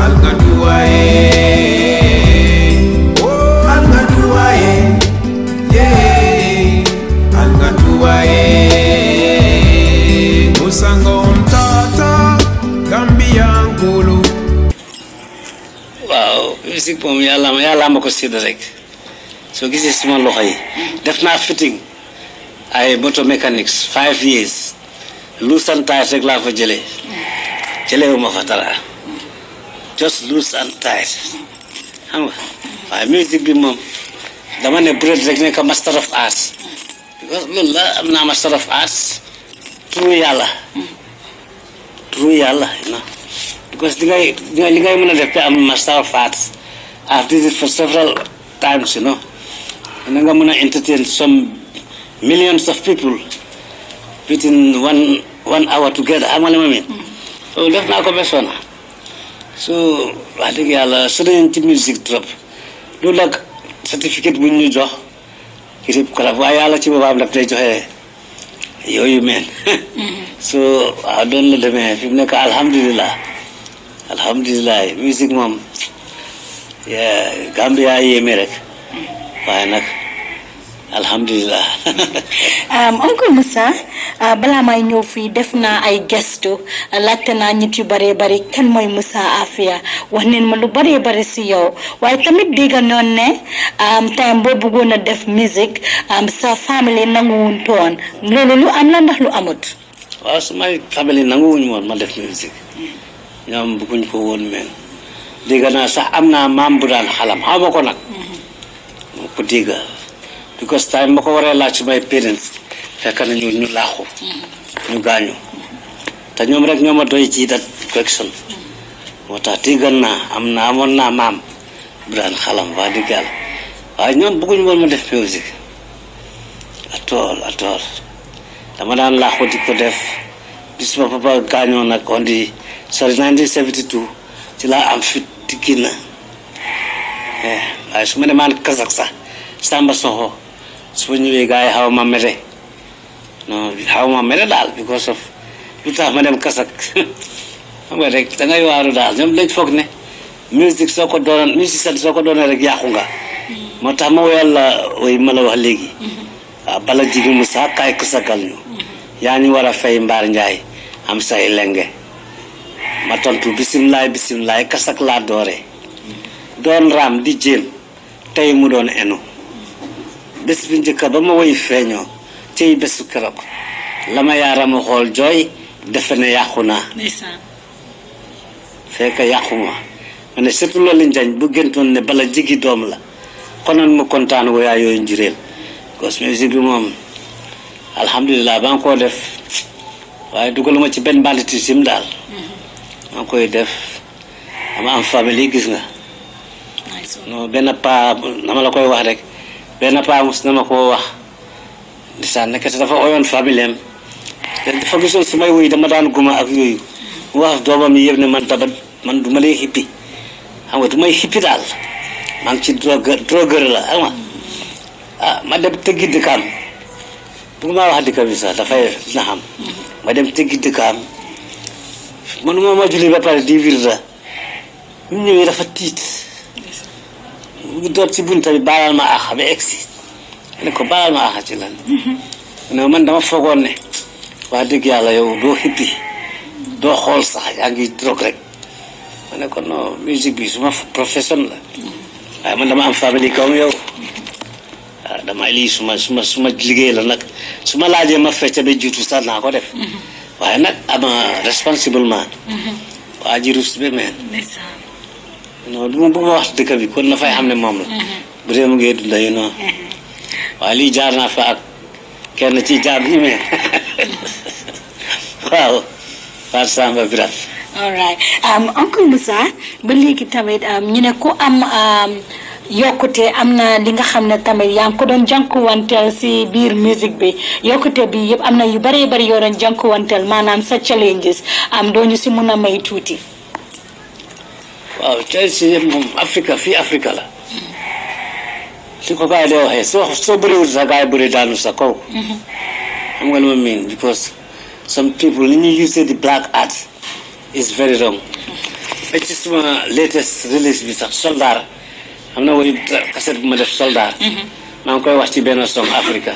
So this is ma yàlla ma ko sidd rek soo gisee suma loxo yi def definitely fitting I motor mechanics five years lu santaay rek laa fa jëlee Jelly, ma fatala. just loose and tight. My music be mom. The one who brought like a master of arts. Because I'm not a master of arts. True yalla. True yalla, you know. Because the guy, the guy, the guy, I'm master of arts. I've did it for several times, you know. And I'm gonna entertain some millions of people within one one hour together. I'm only a man. So left now, come su wax dëgg yàlla sënañ ci musique trop loolu nag certificat bu ñu jox kirib kalaf waa yàlla ci boobaam daf lay joxe yooyu meen su waaw doon la demee fi mu nekk alhamdulilah alhamdulilah musique moom Gambia yéeme rek mm. waaye nag alhamdulilah. oncle um, Moussa uh, balaa may ñëw fii def naa ay gestu laajte naa ñit yu bari bëri kan mooy Moussa Afia wax neen ma lu bëree bari si yow waaye tamit dégg noonu ne um, time boo bëggoon def musique um, sa famille nanguwuñ toon loolu lu am la ndax ma def musique ñoom bëgguñ ko woon mel dégg naa sax am naa maam bu daan xalam xaw ma ko nag. Mm-hmm. ko dégg. because time bako wara ya laaj my parents fek na ñu ñu laxu ñu gañu ta ñom rek ñoma doy ci dat question wata tigal na amna amon na mam bran xalam wa di gal way ñoon bëgguñ won ma def music atol all at all dama daan di ko def bis ma papa gañu nag on di sorry 1972 ci la am fit tikina eh ay suma ma demaan kazaksa samba su ma ñëwee gars yi xaw ma mete xaw ma mete daal because of lu tax ma dem kasak xam nga rek dangay waaru daal ñoom dañ foog soo ko soo ko doon rek yàqu nga moo tax ma woyal la woy ma la wax léegi waaw bala jigi mu saa kaay kasagal ñu yaa ñu war a fay mbaar njaay am say lenge ma tontu bisimilaay bisimilaay kasak laa doore doon raam di jéem tey mu doon enu bés bu njëkk ba ma woy feeñoo cay bésu keroog la ma xool jooy defe yàqu naa fekk yàquma loolu njañ bu gëntoon ne bala jigi doom la konoon mu kontaan woyaa yooyu bi moom alhamdulilah ba nga koo def waaye dugaluma ci benn banditisme daal mm-hmm. maa ngi koy def dama am famille gis nga non benn pa dama la koy wax rek بين با مسلمة كوا وح لسان كتدفع أيون فاميلهم فقصون سماي ويدا مدان كما أكيو واه دوما ميبني من تبد من دمالي هيبي أما دمالي هيبي دال مان شيء دروغر دروغر لا أما آه، ما دب تجي دكان بما واحد كبيسة تفاي نعم ما دم تجي دكان من ما ما جلي بقى ديفيل ني مني يرفتيت doot ci bunta bi baalal ma axa ba egg si ne ko baalal ma axa ci lan mhm. ne man dama foogoon ne waa dëgg yàlla yow doo xippi doo xool sax yaa ngi drogue rek ma ne ko non musique bi suma profession la mhm. waaye man dama am famille kawam yow waaw ah, dama lii suma suma suma liggéey la nag su ma laajee ma fecce ba jiitu sax naa ko def mhm. waaye nag ama responsablement waa ji rus bi meen non du ma wax dëkk bi kon na fay xam ne la bu dee mu ngi dunda yi noonu jaar naa fa ak kenn ci jaar ñu mee waaw Fatou Samba Birame all right um, Uncle Musa ba léegi tamit ñu ne ku am yokkute li nga xamne tamit yaa ngi ko doon si bir music bi yokute bi yeb amna na yu bari bëri yoo janku wantel manam sa challenges am doñu ñu si may tuti وبالتالي oh, سيجيبهم Africa, في افريكا لا تيكو كاي لو هي سو سو بري وزا كاي بري دانو ساكو I'm going to mean because some people when you say the black art is very wrong. Mm-hmm. It is my latest release with Soldier. I'm not mm-hmm. going to cassette my Soldar. maa ngi koy wax ci benn song Africa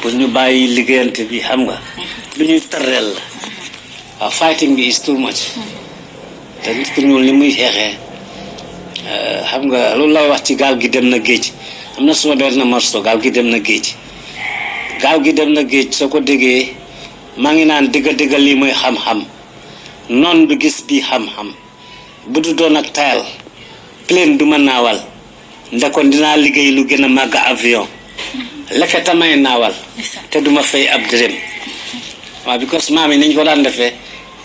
pour ñu bàyyi liggéeyante bi xam nga lu ñuy tërreel fighting is too much mm-hmm. te nit ku ni muy xeexee eh, xam nga loolu la wax ci gaal gi dem na géej am na suma benn morceau gaal gi dem na géej gaal gi dem na géej soo ko déggee maa ngi naan dëgga dëgga lii mooy xam-xam noon lu gis bi xam-xam bu du doon ak tayal plane du ma naawal ndakoon dinaa liggéey lu gën a màgg avion lekk tamay naawal te duma fay ab dërëm waaw because maam yi nañ ko daan defee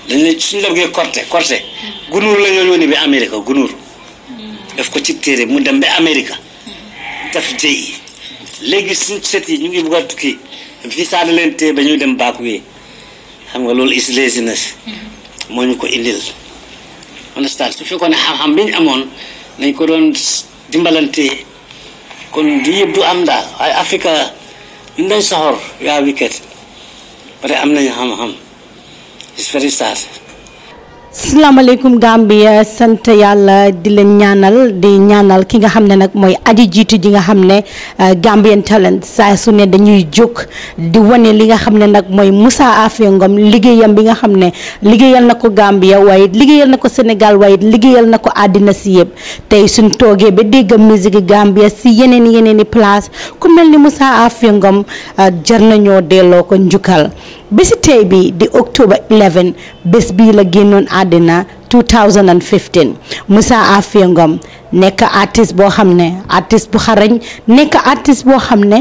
dañ lay suñu la bëggee corté corté gunóor la ñoo bi Amérique gunóor hmm. def ko ci téere mu dem ba Amérique daf jëy léegi suñ set yi ñu ngi bugg a tukki fii saa da leen ba ñuy dem baaku yi xam nga loolu is laziness hmm. moo ñu ko indil su fekkoon ne xam-xam bi ñu amoon dañ ko doon dimbalante kon du yëpp du am daal waaye Afrique ñun dañ soxor yaa wicket bare am nañu xam-xam It's very Gambia sant yàlla di leen ñaanal di ñaanal ki nga xam ne nag mooy aji jiitu ji nga xam ne euh, Gambian Talent saa su ne dañuy jóg di wane li nga xam ne nag mooy Musa Afia Ngum liggéeyam bi nga xam ne liggéeyal na ko Gambia waaye liggéeyal na ko senegal waaye liggéeyal na ko àddina si yëpp tey suñ toogee ba dégg musique Gambia si yeneen yeneen i ku mel ni Musa Afia Ngum euh, jar nañoo delloo ko njukkal. bési tey bi di october 11 bés bii la génnoon àddina 2015 Musa Afia Ngum nekk artiste boo xam ne artiste bu xarañ nekk artiste boo xam ne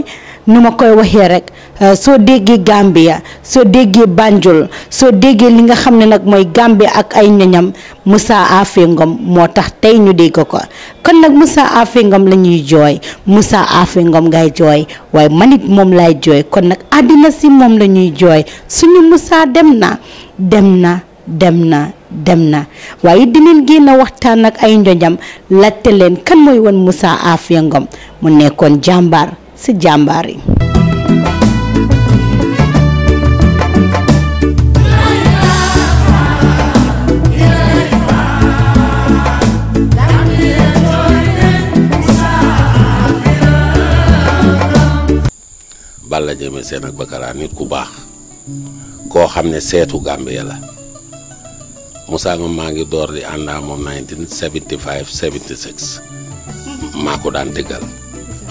nu ma koy waxee rek euh, soo déggee Gambia soo déggee Banjul soo déggee li nga xam ne nag mooy Gambia ak ay ñoñam Moussa Affe Ngom moo tax tey ñu dégg ko kon nag Moussa Affe Ngom la ñuy jooy Moussa Affe Ngom ngay jooy waaye manit moom lay jooy kon nag àddina si moom la ñuy jooy suñu Moussa dem na dem na dem na dem na waaye dinañ génn waxtaan ak ay njoñam laajte leen kan mooy woon Moussa Affe Ngom mu nekkoon jàmbaar Sejambari. jàmbaar yi Balla Jeme Sène ak Bakara nit ku bax ko xamne setu Gambia la Moussa Ngom maa ngi door di anda mom 1975 76 mako dan daan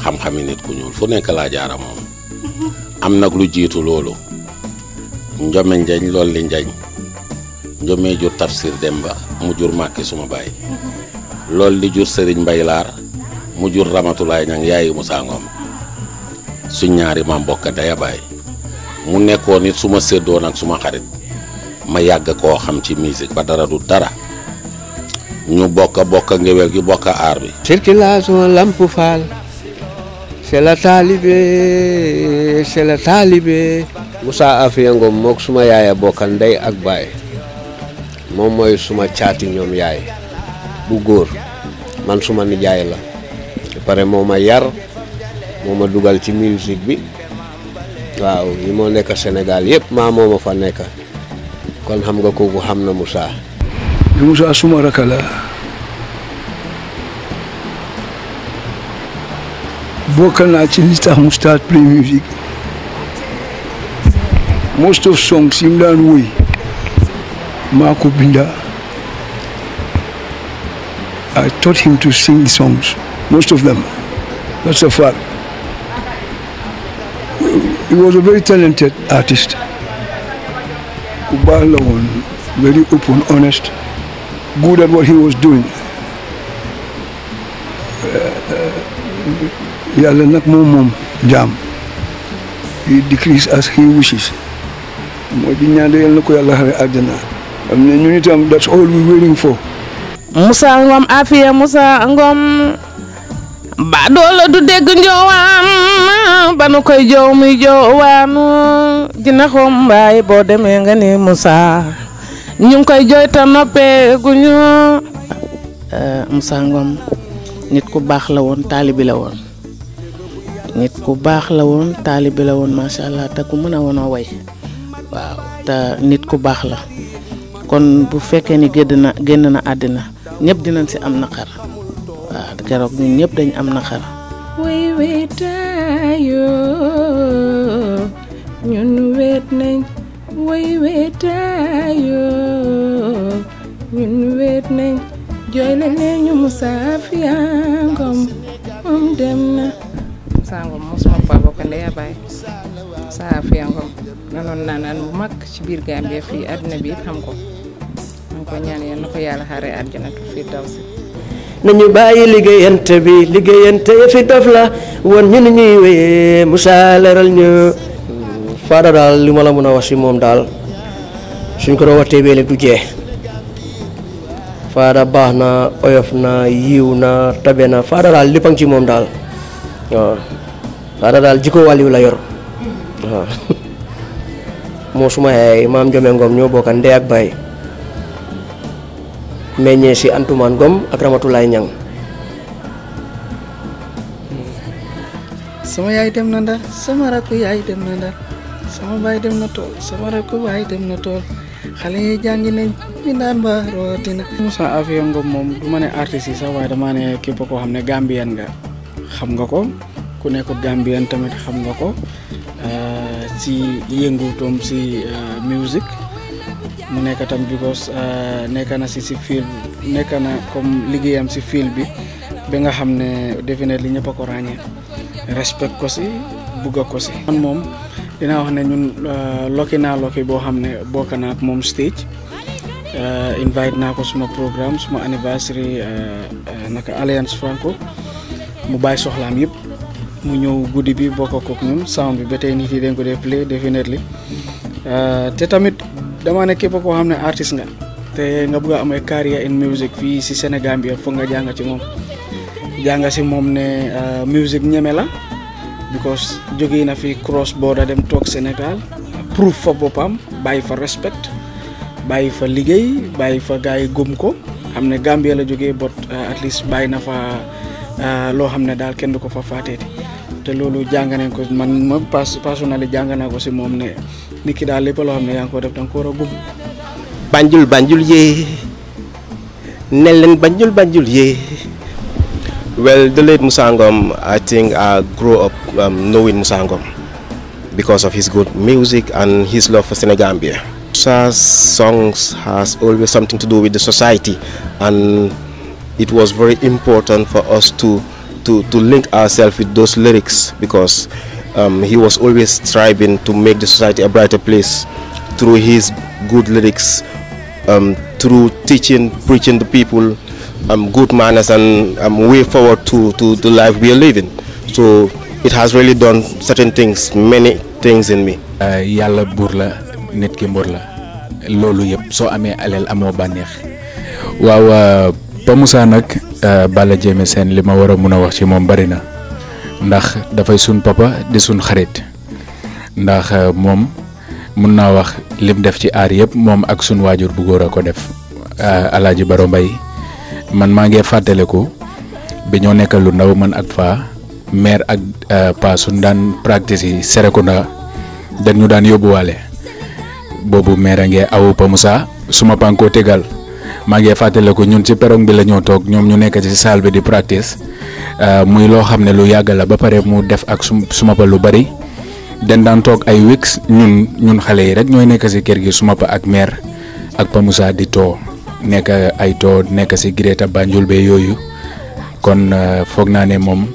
xam-xami nit ku ñuul fu nekk laa jaara moom am nag lu jiitu loolu njome njañ lool li njañ njomee jur tafsir demba mu jur màkki suma baay loolu li jur sëriñ mbay laar mu jur ramatulaay ñang yaayu Musaa Ngom suñ ñaari maam bokk daya baay mu nekkoon it suma ma séddoon ak suma xarit ma yàgg koo xam ci musique ba dara du dara ñu bokk bokk ngéwél gi bokk aar bi circulation lamp faal c'est la taalibe c'est la taalibe Moussa Afia Ngom mook suma yaaya bokka ndey ak baay moom mooy suma caati ñoom yaay bu góor man suma nijaay la pare moo ma yar moo dugal ci musique bi waaw ñi moo nekk Sénégal yëpp maa moo ma fa nekk kon xam nga kooku xam na Moussa Moussa suma rakk la bokk naa ci li tax mu start music most of songs in mu daan Marco binda I taught him to sing songs most of them that's a fact he was a very talented artist very open honest good at what he was doing uh, uh, yàlla nag moom moom jaam he decrees as he wishes mooy di ñaan yal na ko yàlla xare àjjana am na ñu itam that's all we waiting for Musa Ngum Afia Musa Ngum ba doola du dégg njoowaan ba nu koy joow muy joowaanu dina xaw mbaay boo demee nga ni Musa ñu ngi koy jooy te noppee guñu eh, Musa Ngum nit ku baax la woon taalibi la woon nit ku baax la woon taalibe la woon macha allah te ku mën a woon a way waaw te nit ku baax la kon bu fekkee ni gédd na génn na àddina ñëpp dinañ si am naqar waaw keroog ñun ñëpp dañ am naqar. way jooy la ñu Moussa Afia Ngom dem na. Saa Ngom a baay Saa naan bu mag ci biir Gambie fii àddina bi it xam ko nañu bàyyi liggéeyante bi liggéeyante fi dof la woon ñu ni ñuy wéyee Musa ñu. Fada daal li ma la mën a wax si moom daal suñ ko doon waxtee beele du jeex Fada baax na oyof na yiiw na tabe na Fada daal lépp a ngi ci moom daal xanaa dal jiko wali wala yor hmm. ah. mo suma yaay maam Jome Ngom ñoo bokka ndey ak bay meñe si Antoumane gom ak semua Ñang sama yaay dem na ndar sama rakku yaay dem na ndar sama bay dem na tol sama rakku bay dem na tol xale yi jangi nañ ñu naan ba rotina musa Afia mom duma ne artiste sax dama ne kepp ko xamne gambian nga xam nga ko ku nekk gambien tamit xam nga ko eh, ci ci eh, music mu nekk tam because eh, nekk na si si fil nekk na comme liggéeyam si fil bi bi nga xam ne definitely ñëpp a ko respect ko si bugg ko si man moom dina wax ne ñun loki naa loki boo xam ne bokk naa ak moom stage invite naa ko suma programme suma anniversary naka alliance franco mu bàyyi soxlaam yëpp mu ñëw guddi bi bokk ak ñun sound bi ba tey nit yi dañ ko dee play definitely euh, te tamit damaa ne képp koo xam ne artiste nga te nga bëgg amee am ay in music fii si Sénégal bi nga jàng ci moom si moom ne euh, music ñeme la because jógee na fi cross border dem toog Sénégal proof fa boppam bàyyi fa respect bàyyi fa liggéey bàyyi fa gars yi gëm ko xam ne Gambia la jógee but euh, at least bàyyi na fa. Eh, lo xamne dal kenn duko fa faté té lolu jangane ko man ma pas personnel jangana ko si mom ne niki dal lepp lo xamne yang ko def ko ro banjul banjul ye, nelen len banjul banjul ye. well the late musangom i think i uh, grow up um, knowing musangom because of his good music and his love for senegambia sa songs has always something to do with the society and it was very important for us to to, to link ourselves with those lyrics because um, he was always striving to make the society a brighter place through his good lyrics, um, through teaching, preaching the people um, good manners and um, way forward to, to the life we are living. So it has really done certain things, many things in me. Uh, Yalla burla la, nit Lolu yep so amé alel amo banex. Waaw uh, Pa musa nak eh, bala lima sen lima wara muna wax ci mom bari na ndax fay sun papa di sun xarit ndax eh, mom mun wax lim def ci ar yeb mom ak sun wajur bu gora ko def eh, Baro Mbay man maa fatale ko bi ñoo nekkal lu ndaw man ak fa maire ak pa sun dan practice yi Serekunda dañ ñu daan yóbbuwaale maire awu Pa musa suma pankoo tegal maa ngi fàttale ko ñun ci perong bi lañu tok ñom ñu nekk ci salle bi di practice euh, muy lo xamné lu yag la ba pare mu def ak suma pa lu bari den nyun tok ay weeks ñun ñun xalé yi rek ñoy nekk ci kër gi suma pa ak mère ak pa Moussa di to nekk ay to nekk ci Greta Banjul be yoyu kon euh, fogna nemom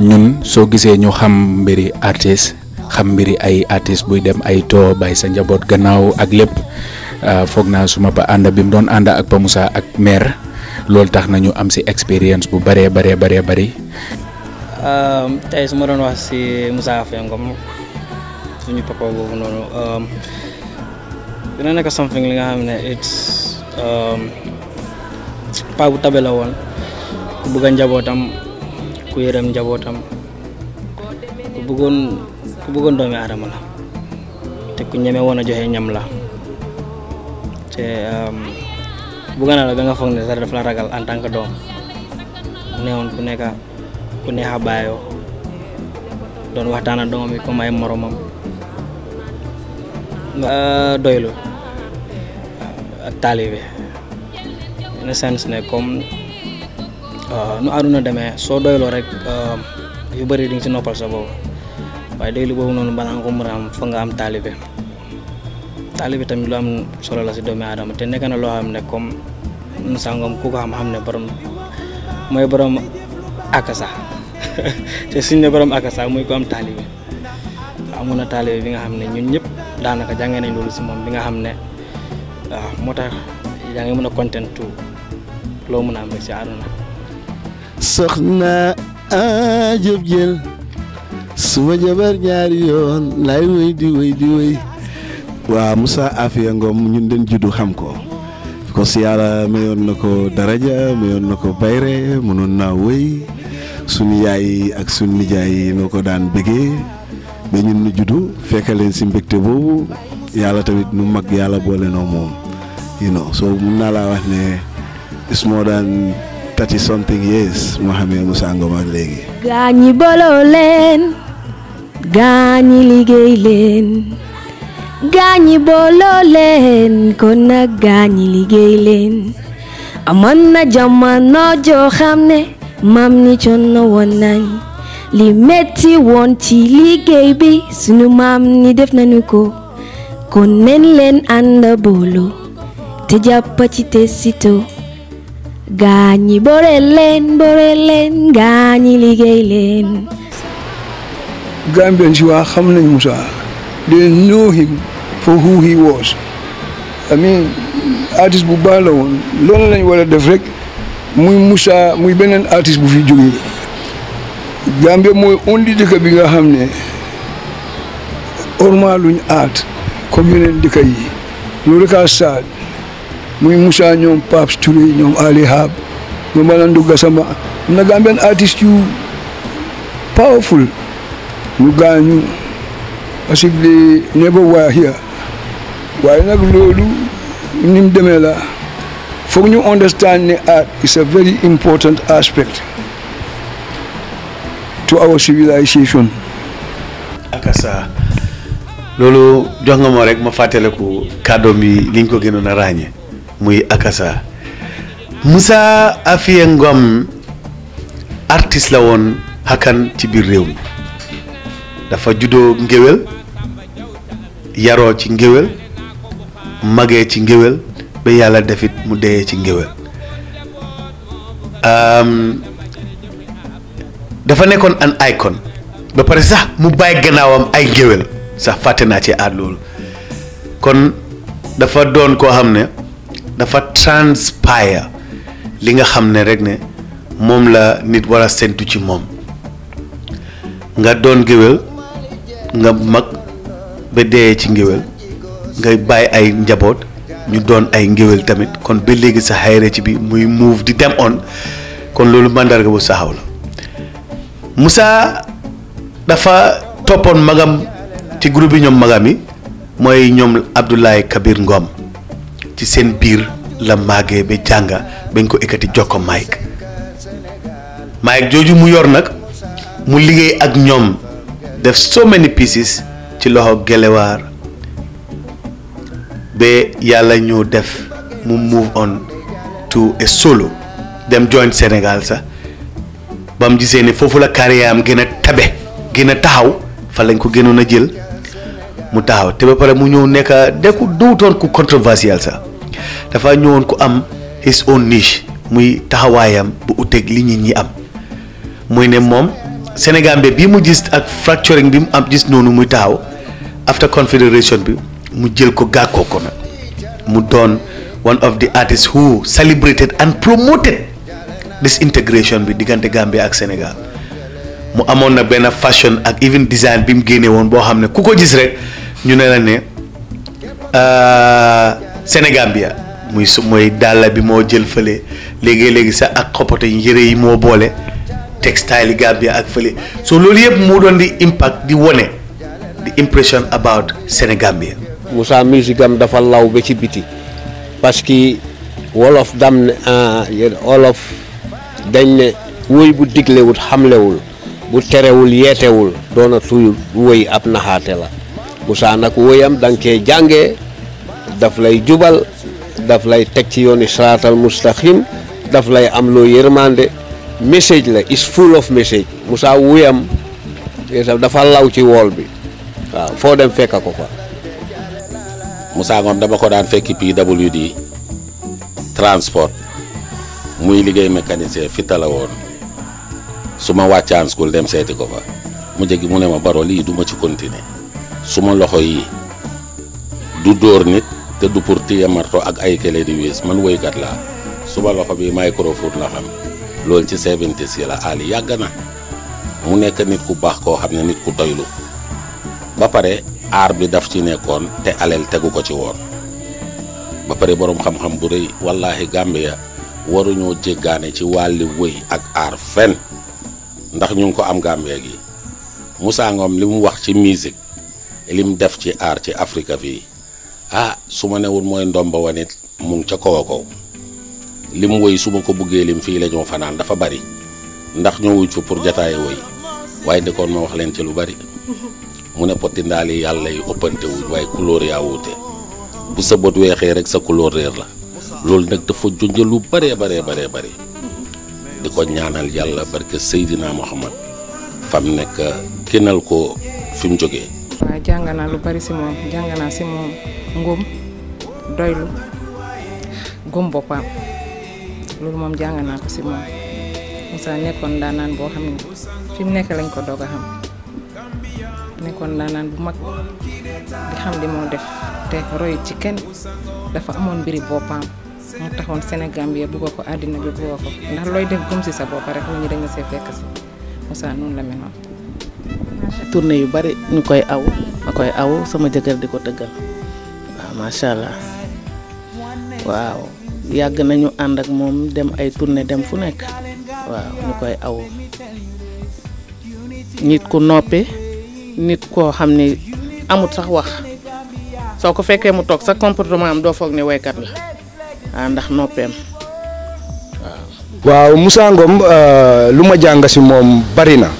nyun moom ñun so gisé ñu xam mbiri artiste xam mbiri ay artiste buy dem ay to bay sa njabot gannaaw ak lepp Eh, Fogna suma ba anda bim don anda ak Pa ak mer lol tax nañu am ci experience bu bare bare bare bare um tay suma don wax ci musa Faye Ngom suñu papa nonu um dina nek something li nga xamne it's it's pa bu tabela won ku bëgg njabotam ku yërem njabotam ku bëggon ku bëggon doomi aadama la te ku ñeme wona joxe ñam la bukan um, bugana la benga fongne tara def la ragal en tant que dom ku don waxtana domam dong comme moromam nga eh, doylu ak talibé in a sense ne comme uh, nu aduna so soo rek uh, yu bëri di nga ci noppal sa boobu waaye doylu boobu fa nga Tali tamit lu am solo la ci doomi adam te nek na lo xam ne comme nsangam ku ko am xam ne borom moy borom akasa te suñ ne borom akasa moy ko am taalibe amuna na bi nga xam ne ñun ñëpp daanaka jàngee nañ lolu ci mom bi nga xam ne waaw moo tax yaa ngi mën content tout loo mën am ci aduna àdduna sax jël suma jabar ñaar yoon lay wëy di wëy di wëy wa musa afiya Ngom ñun den juddu xam ko ko que mayon nako daraja mayon nako bayre munon na wëy sun yaay ak sun nijaay noko daan bëggee be ñun ñu juddu fekkaleen ci mbekté bobu yalla tamit nu mag yalla boole no mom you know so mun na la wax né is more than thirty something years mohammed Musa Ngom ak léegi. gañi boloo leen. gaañi booloo leen kon nag gaañi liggéey leen amoon na jamono joo xam ne maam ni coono woon nañ li metti woon ci liggéey bi sunu maam ni def nañu ko kon nen leen ànd booloo te jàpp ci te sito gaañi boore leen boore leen liggéey leen de knew him for who he was I mean bu baax la woon loolu lañ war a def rek muy Moussa muy beneen artiste bu fi jógee Gambia mooy undi dëkk bi nga xam ne ormaaluñ aat comme yeneen dëkk yi loolu rek a saad muy Moussa ñoom Pape Touré ñoom Ali Hab ñoom Malandou Gassama am na Gambian artiste yu powerful ñu gaañu parce que they never waaye nag loolu ni demee la foog ñu understand ne art is a very important aspect to our civilization. akasa loolu jox nga ma rek ma fàttaliku kàddoom yi liñ ko gënoon a ràññee muy akasa Musa Afia ngom artiste la woon xakkan ci biir réew mi. dafa juddoo ngéwél yaroo ci ngéwél magee ci ngéwél ba yàlla defit mu deyee ci ngéwél dafa nekkoon an icon ba pare sax mu bàyyi gannaawam ay ngéwél sax fàtte naa ci aat loolu kon dafa doon koo xam ne dafa transpire li nga xam ne rek ne moom la nit war a séntu ci moom nga doon géwél nga mag ba dee ci ngewel ngay bay ay njabot ñu doon ay ngewel tamit kon ba léegi sa xayre ci bi muy move di dem on kon loolu mandarga bu saxaw la Moussa dafa topon magam ci groupe bi ñom magam yi mooy Abdoulaye Kabir Ngom ci sen bir la màggee be janga bañ ko ekkati joko Mike Mike joju mu yor nak mu liggéey ak ñom def so many pieces ci loxo Gelewaar ba yàlla ñu def mu move on to a solo dem join senegal sax ba mu gisee ne foofu la carrière am gën a tabe gën a taxaw fa lañ ko gënoon a jël mu taxaw te ba pare mu ñëw nekk de ku duutoon ku controversial sax dafa ñëwoon ku am his own niche muy taxawaayam bu uteeg li nit ñi am muy ne moom. Sénégal bi bii mu gis ak fracturing bi mu am gis noonu muy taxaw after confederation bi mu jël ko gàkkoo ko nag mu doon one of the artists who celebrated and promoted this integration bi diggante Gambia ak Sénégal mu amoon na benn fashion ak even design bi mu génnee woon boo xam ne ku ko gis rek ñu ne la ne euh, Sénégambia muy su mooy dàlla bi moo jël fële léegi léegi sax ak xopoto yére yi moo boole. textile Gambia ak fële so loolu yëpp moo doon di impact di wone di impression about Sénégambia. Moussa musique am dafa law ba ci biti parce que wolof dam ne ah, dañ ne woy bu diglewul xamlewul bu terewul yeetewul doona tuyul woy ab naxaate la Moussa nag woyam da nga daf lay jubal daf lay teg ci yooni siraatal mustaqim daf lay am loo yërmande message la is full of message Moussa wuyam dafa law ci wool bi waaw foo dem fekk ko fa Moussa Ngom dama ko daan fekki PWD transport muy liggéey mécanicien fi tala woon su ma wàccaan dem seeti ko fa mu jegi mu ne ma baro lii du ma ci continuer su ma loxo yi du dóor nit te du pour téye ak ay kële di wées man woykat laa su ma loxo bi microfoot la xam loolu ci seventies yi la Ali yàgg na mu nekk nit ku baax koo xam ne nit ku doylu ba pare aar bi daf ci nekkoon te aleel tegu ko ci woon ba pare boroom xam-xam bu rëy wallaahi Gambia waruñoo jéggaane ci wàlli wëy ak aar fenn ndax ñu ngi ko am Gambia gi Moussa Ngom li mu wax ci musique li def ci aar ci Afrique fii ah su ma newul mooy ndomba wanit mu ngi ca kaw a li mu woy su ko buggee lim fii lañoo fanaan dafa bari ndax ñëwuñ fa pour jataaye woy waaye ndikoon ma wax leen ci lu bari mu ne poti ndaali yàlla yi ëppante waaye couleur yaa wuute bu sa bët weexee rek sa couleur réer la loolu nag dafa junj lu baree baree baree bëri di ko ñaanal yàlla barke Seydina Muhammad fam nekk kenal ko fi mu jógee. jàng naa lu bari si moom jàng naa si moom ngóom doylu góom boppam. lolu mom jangana ko ci mom Moussa nekkoon daanaan boo xam ne fi nekk lañ ko doga xam nekkon danan bu mag di xam di mo def te roy ci ken dafa amone biri bopam mo taxone senegal bi bu ko adina ah, bi bu ko ndax loy def gum ci sa bop rek ñu dañu see fekk si Moussa non la mel tournée yu bari ñu koy aw makoy aw sama jëgër diko teggal wa ma sha allah wow yag nañu and ak mom dem ay tournée dem fu nek waaw ñukoy aw nit ku noppé nit ko xamni amut sax wax soko fekke mu tok sa comportement am fokk ni way kat la ah, ndax noppem waaw. Moussa Ngom euh luma jang ci mom barina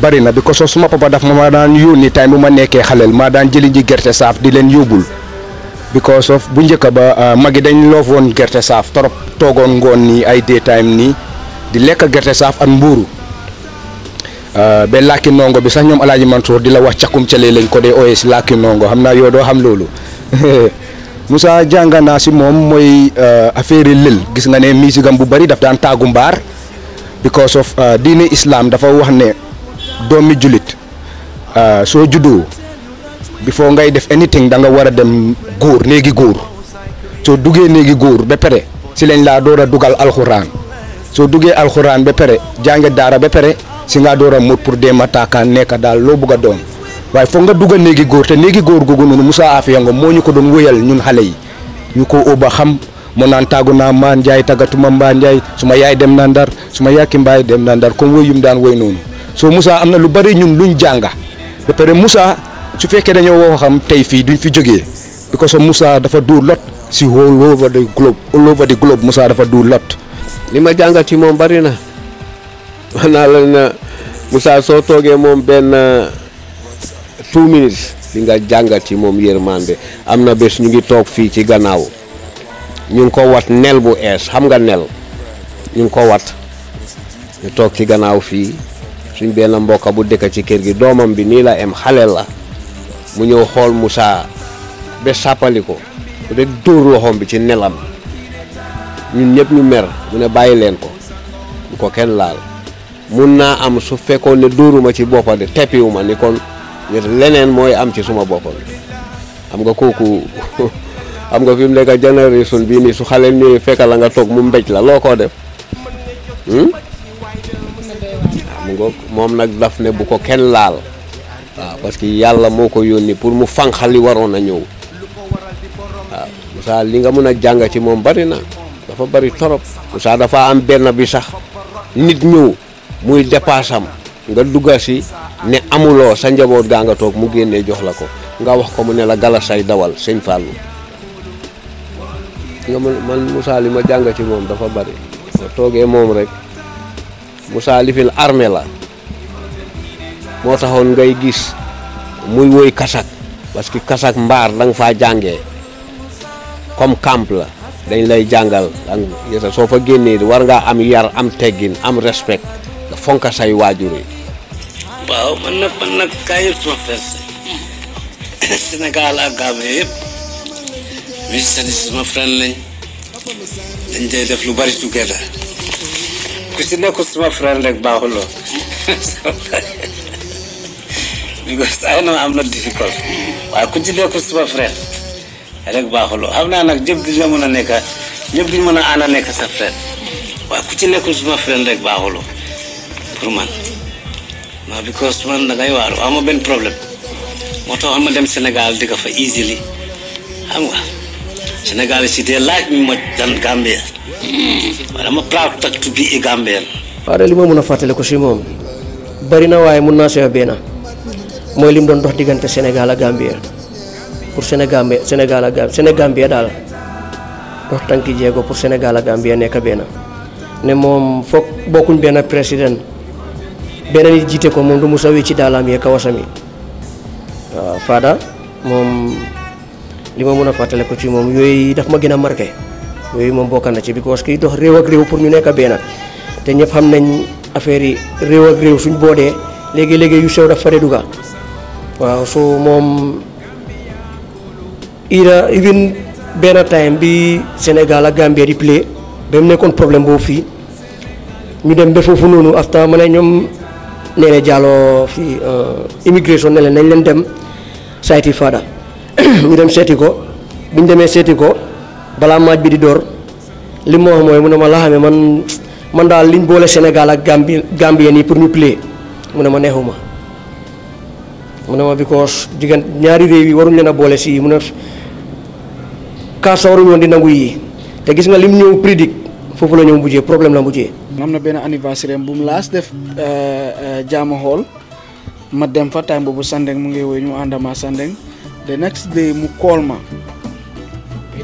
barina bi ko suma papa daf ma dan daan yónni time bu ma nekkee xaleel maa daan jëli ji gerté saaf di len yobul because of bu njëkk ba ah, mag yi dañ loof gerte saaf trop toogoon ngoon nii ay daytime nii di lekk gerte saaf ak mbuuru ah, ba laaki nongo bi sax ñoom Alaaji Mansour di la wax càkkum cale lañ ko dee ooyee si laaki nongo xam naa yow doo xam loolu Moussa jànga naa si moom mooy ah, affaire lël gis nga ne misigam bu bari daf daan taagu mbaar because of diine islaam dafa wax ne doomi julit soo juddoo before ngay def anything da nga war a dem góor néegi góor soo duggee néegi góor ba pare si lañ laa door a dugal alxuraan soo duggee alxuraan ba pare jànge daara ba pare si ngaa door a mut pour dem a taakaan nekk daal loo bugg a doon waaye foog nga dugg a néegi góor te néegi góor googu noonu Musa Afia Ngum moo ñu ko doon wéyal ñun xale yi ñu ko óoba xam mu naan tàggu naa maan njaay tàggatuma mbaa njaay su ma yaay dem na ndar su ma yàkki mbaay dem na ndar comme wéy daan wéy noonu soo Musa am na lu bari ñun luñ su fekke dañu wo xam tay fi duñ fi joggé because of Moussa dafa do lot si all over the globe all over the globe Moussa dafa do lot lima jangati mom barina bari na naa la uh, na Moussa so toge mom ben 2 minutes li nga jangati mom yermande amna bes ñu ngi tok fi ci gannaaw ñu ko wat nel bu es xam nga nel ñu ko wat ñu tok ci gannaaw fi suñu ben mbokka bu dekk ci kër gi domam bi ni la em xalé la mu ñëw xool Moussa ba sàppali ko rek dóor loxoom bi ci nelam ñun ñëpp ñu mer mu ne bàyyi leen ko bu ko kenn laal mun naa am su fekkoon ne dóoruma ci boppa de teppiwu ma ni kon ngir leneen mooy am ci suma boppam xam nga kooku xam nga fi mu nekk génération bii nii su xale nii fekka la nga toog mu mbéj la loo koo def hmm? ah, mu moom nag daf ne bu ko kenn laal waaw ah, parce que yalla moko yoni pour mu fanxal li waroon ñew ñëw ah, li nga mëna jang ci mom bari na dafa bari torop Moussa dafa am ben bi sax nit ñëw muy dépassam nga dugga si ne amulo sa njaboot gaa nga tok mu génnee jox la ko nga wax ko mu ne la say dawal seigne fallu nga man musa li ma jang ci mom dafa bari nga mom rek musa li fil armée la mo taxoon ngay gis muy woy kasak parce que kasak mbar dang fa jangé comme camp la dañ lay jangal ak yeta soo fa génné war nga am yar am teggin am respect da fonka say wajuri waaw man nag man nag kay yëpp suma fees sénégal ak gambie yëpp friend lañ dañ day def lu bari together ku ci nekkul sama friend rek baaxuloo because I know I'm not difficult waaye ku ci nekkul suma frère rek baaxuloo xam naa nag ñëpp duñ mën a nekk a ànd sa frère waaye ku ci nekkul suma frère rek baaxuloo pour man non because man dangay waaru amoo benn problème moo taxoon ma dem senegal di ko fa easily xam nga Sénégal si dee laaj mi ma dan Gambia wala ma proud tak to be a Gambian. waaw de li ma mën a fàttali si moom bari waaye mun naa sooy benn. mooy lim doon dox diggante Sénégal ak Gambie pour Sénégal Sénégal ak Sénégambie jéego pour Sénégal ak Gambie nekk benn ne moom foog bokkuñ benn président beneen yi jiite ko moom du musa wécci daalaam yee kawasam yi waaw Fada moom li ma mën a fàttale ko ci moom yooyu daf ma gën a marqué yooyu moom bokk na ci because kiy dox réew ak réew pour ñu nekk benn te ñëpp xam nañ affaire yi réew ak réew suñ boodee léegi-léegi yu sew daf fare duga waaw so moom ira even benn time bi Sénégal ak Gambia di play ba mu nekkoon problème boobu fii ñu dem ba foofu noonu afta ma ne ñoom nee na jàlloo fii euh, immigration ne leen nañ leen dem sayti fada ñu dem seeti ko bi ñu demee seeti ko balaa maaj bi di door li mu wax mooy mu ne ma la xamee man man daal liñ boole Sénégal ak Gambie Gambien yi pour ñu play mu ne ma neexuma mu ma because diggante ñaari réew yi waruñ leen a boole si mu ne kaas waruñ woon di nangu yi te gis nga lim ñëw prédic foofu la ñëw mujjee problème la mujjee. am na benn anniversaire bu mu laas def euh, euh, jaama xool ma dem fa time boobu sandeng mu ngi woy ñu àndama sandeng the next day mu call ma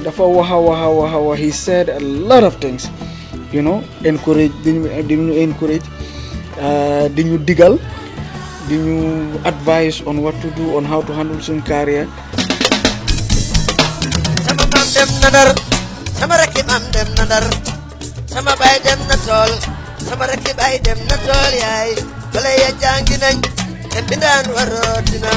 dafa waxa waxa waxa wax he said a lot of things you know encourage di di ñu encourage euh, di ñu digal di ñu advice on what to do on how to handle some career sama mam dem nadar sama reki mam dem nadar sama bay dem na tol sama reki bay dem na tol yaay wala ya jangi nañ te bindan warotina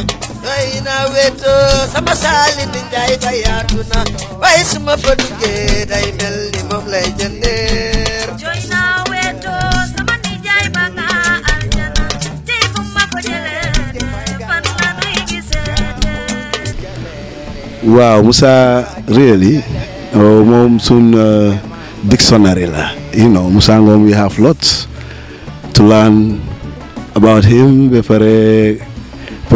doy na weto sama sali ni jaay bayatuna way suma fa duggee day mel ni moom lay jëndee waaw Moussa really uh, moom sun uh, dictionary la you know Moussa Ngum we have lots to learn about him ba pare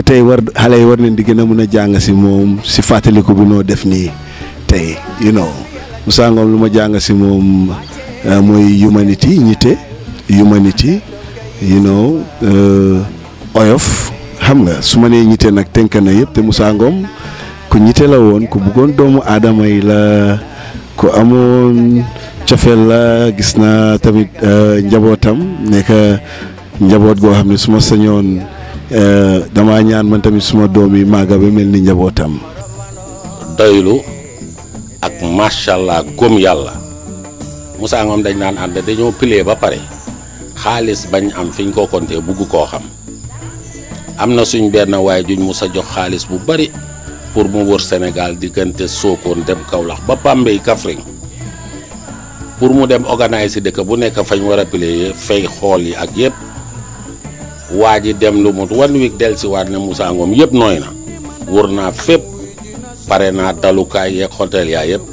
tey war xale yi war nañ di gën a mën a jàng si moom si fàttaliku bi noo def nii tey you know Moussa Ngum lu ma jàng si moom uh, mooy humanity ñite humanity you know uh, oyof xam nga su ma nee ñite nag tënk na yëpp te Moussa Ngum ku ñite la woon ku bëggoon doomu aadama yi la ku amoon cofeel la gis na tamit euh, njabootam nekk njaboot goo xam ne suma ma sañoon euh, dama ñaan man tamit suma doom yi màgga ba mel ni njabootam doylu ak macha allah gom yàlla Moussa ngoom dañ naan ànd dañoo pilee ba pare xaalis bañ am fiñ ko compter bugg koo xam am na suñ benn waaye juñ Moussa jox xaalis bu bari pour mu wër senegal diggante Sokone dem Kaolack ba Bambey Kaffrine pour mu dem organiser dëkk bu nekk fañ war a pile fay xool yi ak yëpp waa ji dem lu mut one week dellusiwaat ne Moussa Ngom yëpp nooy na wër naa fépp pare naa dalukaay yeeg hôtel yaa yëpp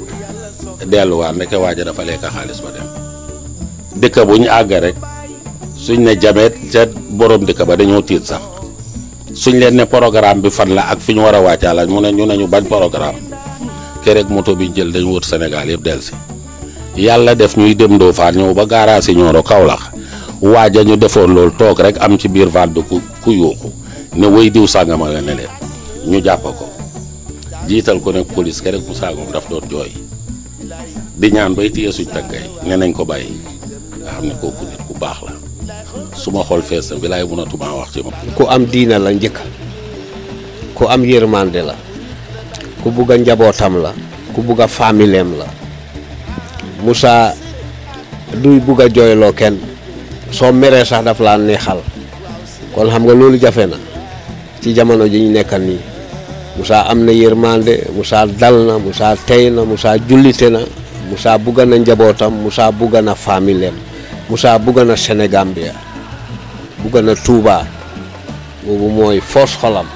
delluwaat ndeke waa ji dafa lekk xaalis ba dem dëkk bu ñu àgg rek suñ ne jameet ca borom dëkk ba dañoo tiit sax. suñ leen ne programme bi fan la ak fi ñu war a wàccaala mu ne ñu ne ñu bañ programme keroog moto bi jël dañ wër Sénégal yëpp del si yàlla def ñuy dem doo faat ñëw ba gaaraas yi ñooro Kaolack waaja ñu defoon loolu toog rek am ci biir van bi ku ku yooxu ne way diw sàngama la ne ñu jàpp ko jiital ko ne police keroog mu saagom daf doon jooy di ñaan bay téye suñ tàggay ne nañ ko bàyyi nga xam ne kooku nit ku baax la. su ma xool fees na bilaay mënatuma wax ci moom. ku am diina la njëkk ku am yërmande la ku bugg njabootam la ku bugg a faamileem la musaa duy bugg a jooyloo kenn soo meree sax daf laa neexal kon xam nga loolu jafe na ci jamono ji ñu nekk nii musaa am na yërmande musaa dal na Moussa tey na musaa jullite na Moussa bugg na njabootam musaa bugg na faamileem musa bugg na Sénégambia bugg na Touba boobu mooy foos xolam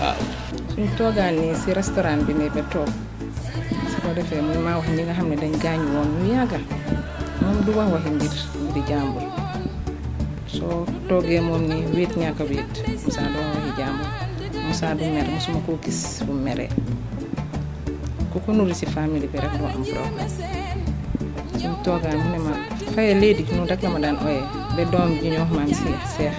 waaw. suñ toogaan nii si restaurant bi ne be tok su ko defé mu ma wax ñi nga xamné dañ gañ woon ñu yaga mom du wax waxe ngir di jambu so toge mom ni wéet ñaka wéet musa do wax jambu musa du mer mosuma ko gis bu meré ko ko nuru ci family bi rek do am problème suñ toga ni ma xëye léegi noonu rek la ma daan ooyee ba doom ji ñu wax maam si seex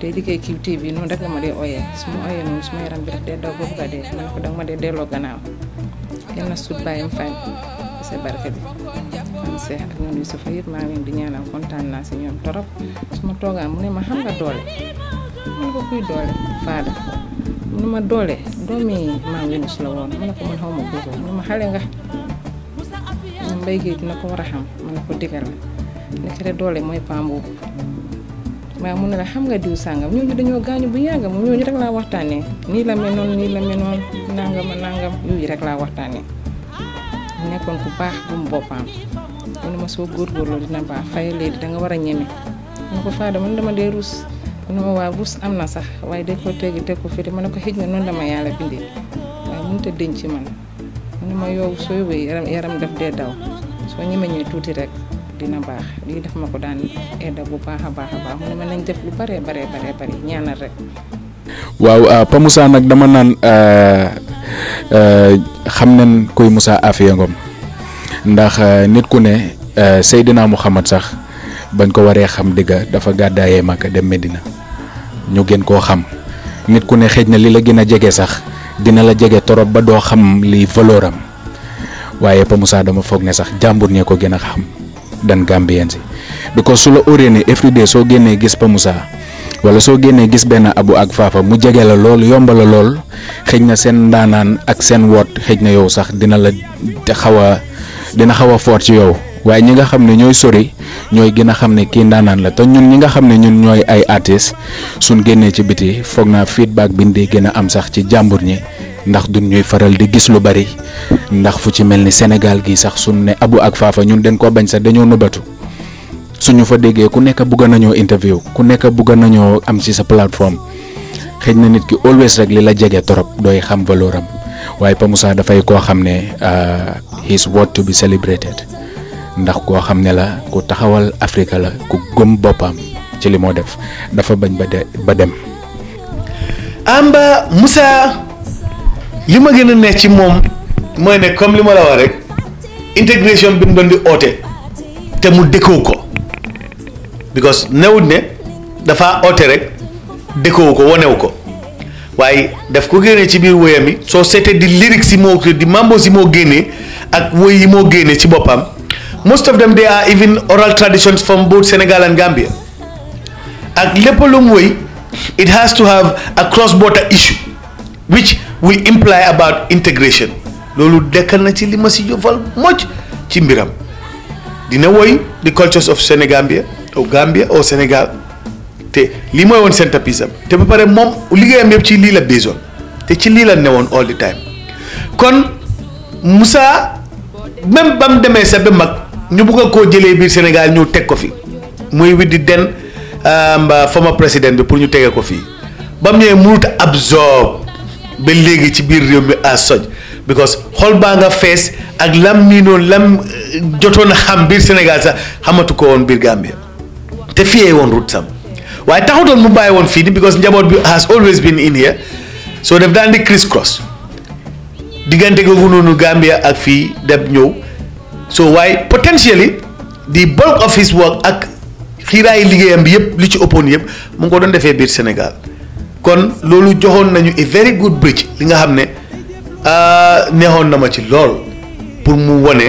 te liggéey kiw tv bi noonu rek la ma dee ooyee su ma ooyee noonu su ma yaram bi daf dee daw boobu nga dee ma ko danga ma dee delloo gannaaw kenn sut bàyyim fay sa barke bi naa si ñoom torop su ma mu ne ma xam nga doole mu ne ko kuy doole faada mu ne ma doole doomi maam Yunus la woon mu ne ko man xaw ma ko mu ne ma xale nga Mbaye Gueye dina ko war a xam ma ne ko dëgër la nekkate doole mooy pam boobu waaye mu ne la xam nga diw sàngam ñooñu dañoo gaañu bu yàgg mu ñooñu rek laa waxtaanee nii la mel noonu nii la mel noonu nangam nangam rek laa waxtaanee nekkoon ku baax bu mu boppam mu ne ma soo góorgóorloo dina baax fay léegi danga war a ñeme mu ko faada man dama dee ruus mu ne ma waa ruus am na sax waaye dañ ko tegi teg ko fii de na ne ko xëj na noonu dama yàlla bindee waaye mënut a denc man ni ma yow soy wi yaram yaram daf de daw ma ñemeñee tuti rek dina bax li daf mako daan edda bu baaxa baaxa baax ni ma lañ def lu bare bare bare bare ñaanal rek waaw pa musa nak dama naan xam nañ koy musa afiya Ngom ndax eh, nit ku ne eh, Seydina Muhammad sax bañ ko waré xam diga dafa gadaye Makka dem Medina ñu gën ko xam nit ku ne xejna na li la sax dina la jégué torop ba do xam li valeur am pa Moussa dama fogg né sax jambour ñé ko gëna xam dan gambien si because su la orienté every day so gis pa Moussa wala so gis ben abu ak fafa mu jégué la lool yomba la lool xëj na seen ak sen wot xëj na yow sax dina la xawa dina xawa fort ci yow waaye ñi nga xam ne ñooy sori ñooy gën a xam ne kii ndaanaan la te ñun ñi nga xam ne ñun ñooy ay artistes suñ génnee ci biti foog naa feedback bi di gën a am sax ci jàmbur ñi ndax duñ ñuy faral di gis lu bari ndax fu ci mel ni Sénégal gi sax suñ ne abu ak faafa ñun dañ ko bañ sax dañoo nëbbatu suñu fa déggee ku nekk bëgg nañoo interview ku nekk bëgg nañoo am ci sa plateforme xëj na nit ki always rek li la jege torop dooy xam valeur waaye Pa Moussa dafay koo xam ne euh, he is worth to ndax koo xam ne la ku taxawal Afrique la ku gëm boppam ci li moo def dafa bañ ba de ba dem. Amba Moussa li ma gën a neex ci moom mooy ne comme li ma la wax rek intégration bi mu doon di oote te mu dëkkoo ko because newut ne dafa oote rek dëkkoo ko wonew ko waaye daf ko génnee ci biir woyam yi soo seetee di lyrics si moo di mambo si moo génnee ak woy yi moo génnee ci boppam. most of them they are even oral traditions from both Senegal and Gambia ak lépp lu mu wéy it has to have a cross border issue which we imply about integration loolu dekkal na ci li ma si jofal moj ci mbiram dina woy the cultures of Senegambia or Gambia or Sénégal te lii mooy woon centerpiece am te ba pare moom liggéeyam yëpp ci lii la bésoon te ci lii la newoon all the time kon Moussa même ba demee sa ba mag ñu bëgg ko jëlee biir Sénégal ñu teg ko fi muy widdi den euh, former président bi pour ñu tegee ko fii ba mu ñëwee mënut a absorb ba léegi ci biir réew mi à soj because xol baa nga fees ak lam nii noonu lam euh, jotoon xam biir Sénégal sax xamatu ko woon biir Gambia te fiyee woon route sam waaye taxatoon mu bàyyi woon fii nii because njaboot bi has always been in here so def daan di criss cross diggante googu noonu Gambia ak fii dem ñëw. so waaye potentially the bulk of his work ak xiiraayu liggéeyam bi yëpp li ci ëppoon yëpp mu ngi ko doon defee biir Sénégal kon loolu joxoon nañu a very good bridge li nga xam ne ah, neexoon na ma ci lool pour mu wone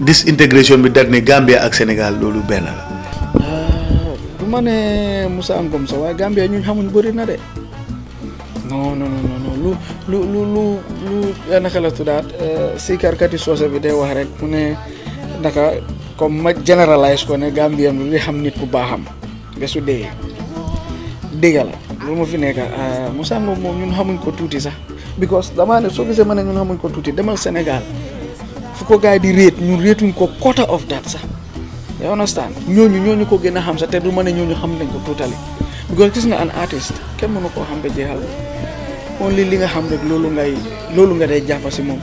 dis intégration bi daal ni Gambia ak Sénégal loolu benn la. Ah, du ne Moussa Ngom sax waaye Gambia ñun xamuñ bëri na de. lu lu lu lu lu naka la tuddaat euh, sikarkati soose bi day wax rek mu ne naka comme ma généralise ko ne Gambien lu di xam nit ku baaxam ba su dee dégg la loolu ma fi nekk euh, Moussa Ngom moom ñun xamuñ ko tuuti sax because damaa ne soo gisee ma ne ñun xamuñ ko tuuti demal Sénégal fu ko gars yi di réet ñun réetuñ ko quarter of that sax you understand ñooñu ñooñu ko gën a xam sax te du ma ne ñooñu xam nañ ko tuutali because gis nga an artiste kenn mënu koo xam ba jeexal only li nga xam rek loolu ngay loolu nga day si moom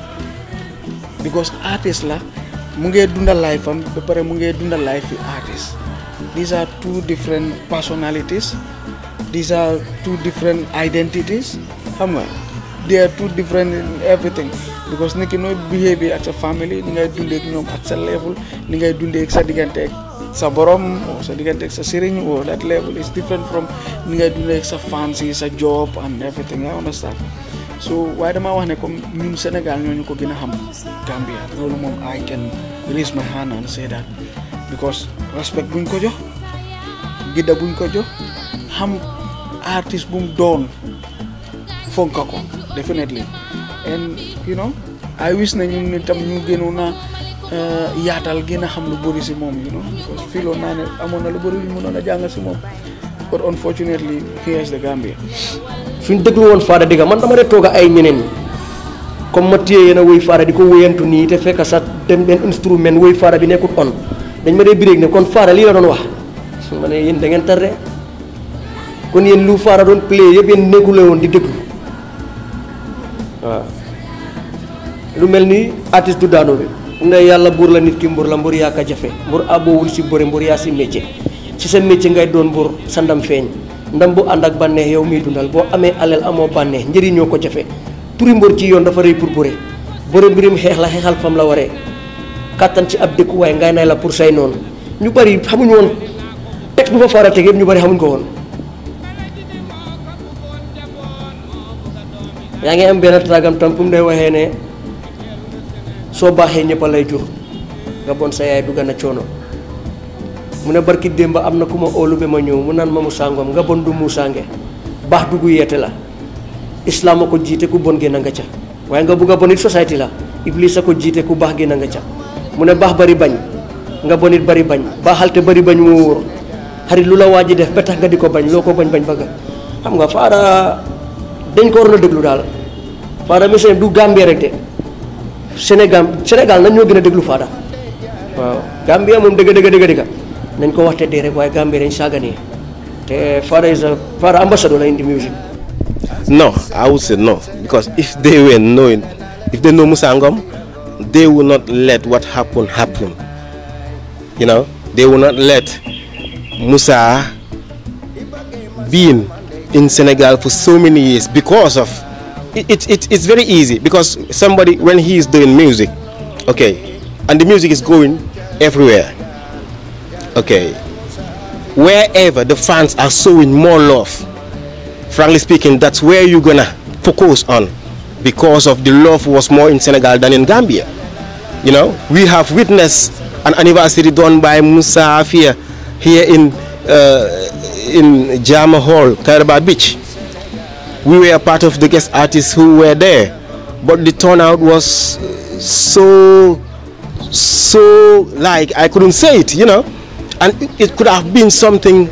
because artist la mu ngee dundal life am ba pare mu ngee dundal life fi artist these are two different personalities these are two different identities xam nga they are two different in everything because niki ki nooy behavior ak sa family ni ngay dundee ak ñoom ak sa level ni ngay dundee ak sa diggante sa borom o oh, sa diggante sa siring o oh, that level is different from ni nga sa fancy sa job and everything I understand so why dama wax ne comme ñun senegal ñoo ñu ko gën xam Gambia mom I can release my hand and say that because respect buñ ko jox gida buñ ko jox xam artist bu doon fonka definitely and you know I wish na ñun tam ñu gënoon Eh, yaatal gën a xam lu bëri si moom you know because filoon naa ne amoon na lu bëri yu mënoon a jàng si moom but unfortunately here is the Gambia suñ déglu woon Fada Diga man dama dee toog ay ñeneen comme ma téye yéen a woy Fada di ko wéyantu nii te fekk dem benn instrument woy Fada bi nekkut on dañ ma dee biréeg ne kon Fada lii la doon wax ma ne yéen da ngeen kon yéen lu Fada doon play yëpp yéen nekkule woon di déglu waaw lu mel ni artiste du bi nda yalla bur la nit ki mbur la mbur yaa ka jafe mbur abowul ci bëri mbur yaa si métier ci sa métier ngay doon bur sa ndam ndam bu and ak bànneex yow mi dundal bo amé alal amoo bànneex njëriñoo ko jafe turi mbur ci yoon dafa reuy pour buré bëre mbirim xeex la fam la waré katan ci ab way ngay nay la pour say non ñu hamun xamuñ won tek bu fa faral teg ñu bari xamuñ ko won ya ngi am bénn tagam tam fu waxé né so baxé ñëpp gabon lay jox nga bon sa yaay du kuma ciono mu ne barki demba amna kuma olu be ma ñew mu nan ma mu sangam nga bon du mu bax du gu yété la islam aku ko jité ku bon gëna nga ca way nga bu nga bonit society la iblis aku ko jité ku bax gëna nga ca mu ne bax bari bañ nga bonit bari bañ baaxal te bari bañ mu wor hari lula waji def ba tax nga diko bañ loko bañ bañ baga xam nga faara dañ ko deglu dal faara du gambé rek Sénégal Sénégal nañ ñoo gën a déglu Fada waaw Gambia moom dëgg dëgg dëgg nañ ko wax te dee rek waaye Gambia dañ sàggane te Fada is a Fada ambassador la in music. No, I would say no because if they were knowing, if they know Musa Ngum, they will not let what happened happen. You know, they will not let Musa being in Senegal for so many years because of it, it, it's very easy because somebody when he is doing music okay and the music is going everywhere okay wherever the fans are showing more love frankly speaking that's where you're gonna focus on because of the love was more in senegal than in gambia you know we have witnessed an anniversary done by musa here here in uh, in jama hall Karaba beach we were part of the guest artists who were there but the turnout was so so like I couldn't say it you know and it could have been something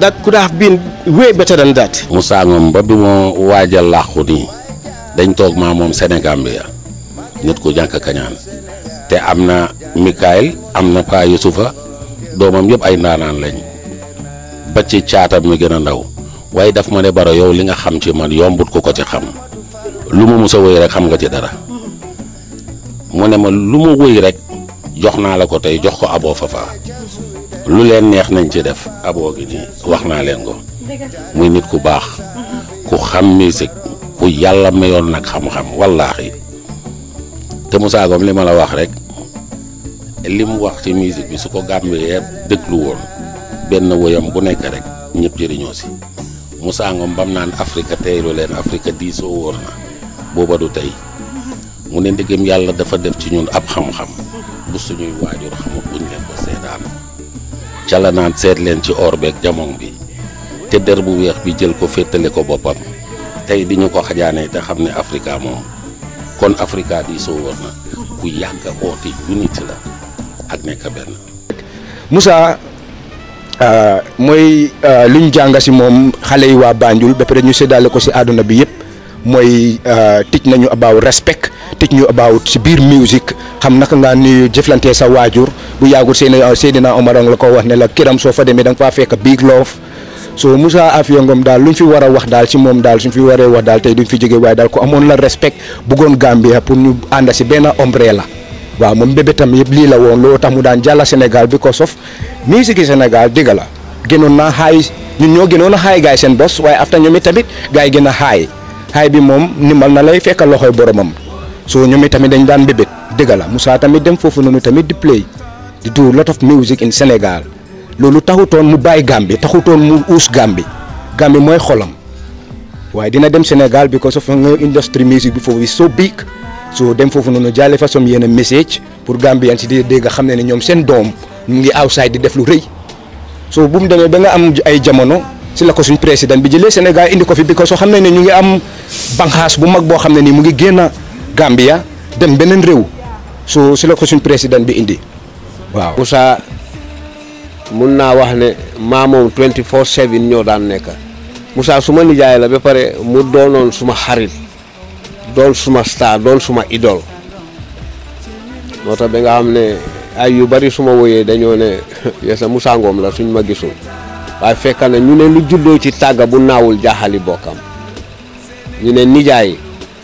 that could have been way better than that. Moussa Ngom ba bi ma waajal làqu nii dañ toog maa moom Sénégambia nit ku ñàkk kañaan te am na Mikael am na Pa Yusufa doomam yëpp ay ndaanaan lañ ba ci caatam mi gën a ndaw. waaye daf ma ne Baro yow li nga xam ci man yombut ko ko ci xam lu mu mës a wéy rek xam nga ci dara mu ne ma lu ma wéy rek jox naa la ko tey jox ko Abo Fafa lu leen neex nañ ci def Abo gi nii wax naa leen ko muy nit ku baax ku xam musique ku yàlla mayoon nag xam-xam wallaahi te Moussa Ngom li ma la wax rek li mu wax ci musique bi su ko gàmbee déglu woon benn woyam bu nekk rek ñëpp jëriñoo si. musa Ngom bam naan Afrika di leen Afrique diisoo woon na booba du tey mu ne ndigam yàlla dafa def ci ñun ab xam-xam bu suñuy waajur xamut buñ leen ko seetaan ca la naan seet ci or beeg bi te der bu weex bi jël ko féetale ko boppam tey di ñu ko xajaane te xam ne Africa kon Afrika di so na ku yàgg oote unité la ak nekk ben musa Euh, mooy euh, li ñu jànga si moom xale yi waa Banjul ba pare ñu séddale ko si àdduna bi yëpp mooy euh, tij nañu about respect tic ñu about si biir music xam naka nga ni jëflantee sa waajur bu yàggul Seydina Seydina Omar la ko wax ne la kiram soo fa demee da nga faa fekk big love so Moussa Afia Ngum daal lu ñu fi war wax daal si moom daal suñ fi waree wax daal tey ñu fi jóge waaye daal ku amoon la respect bëggoon Gambia pour ñu ànd si benn ombre la waaw moom bébétam yëpp lii la woon loolu tax mu daan jàll Sénégal bi ko sof musique yi Sénégal dëgg la gënoon naa xaay ñun ñoo gënoon a xaay gaay seen bos waaye afta ñoom tamit gaay yi gën a xaay xaay bi moom nimal na lay fekk loxoy boromam soo ñoom tamit dañ daan bébét dëgg la Moussa tamit dem foofu noonu tamit di play di do lot of music in Sénégal loolu taxutoon mu bàyyi Gambie taxutoon mu uus Gambie Gambie mooy xolam waaye dina dem Sénégal because of bi foofu is so so dem foofu noonu jaale fa som yenn message pour Gambien si di dégg xam ne ne ñoom seen doom mu ngi outside di def lu rëy so bu mu demee ba nga am ay jamono si la ko suñ président bi jëlee Sénégal indi ko fi bi ko soo xam ne ne ñu ngi am banqaas bu mag boo xam ne nii mu ngi génn Gambia dem beneen réew so si la ko suñ président bi indi waaw. Moussa mun naa wax ne maa moom 24/7 ñoo daan nekka musaa su ma nijaay la ba pare mu doonoon suma xarit. dol suma star dol suma idol motax be nga xamne ay yu bari suma woyé dañu né yesa musa Ngom la suñu ma gisul way fekk na ñu né lu juddoo ci tagga bu nawul jaxali bokam ñu né nijaay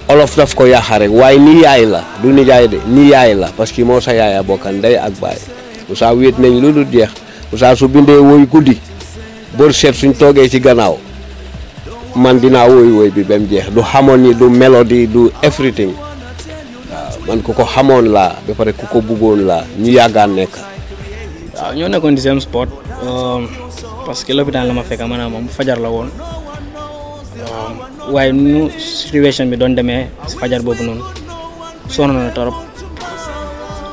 olof daf ko yaxa rek way ni yaay la du nijaay de ni yaay la parce que mo sa day ak baay musa wéet nañ lu lu jeex musa su bindé woy guddii bor set suñ togué ci gannaaw man dina woy woy bi bam jeex du harmony du melody du everything man kuko hamon la be pare kuko ko la ñu yaga nek waaw ñoo di same spot, um, parce que l'hôpital la ma fekk maanaam mom fajar la won um, waaye nu situation bi don demee fajar bobu non sonu na torop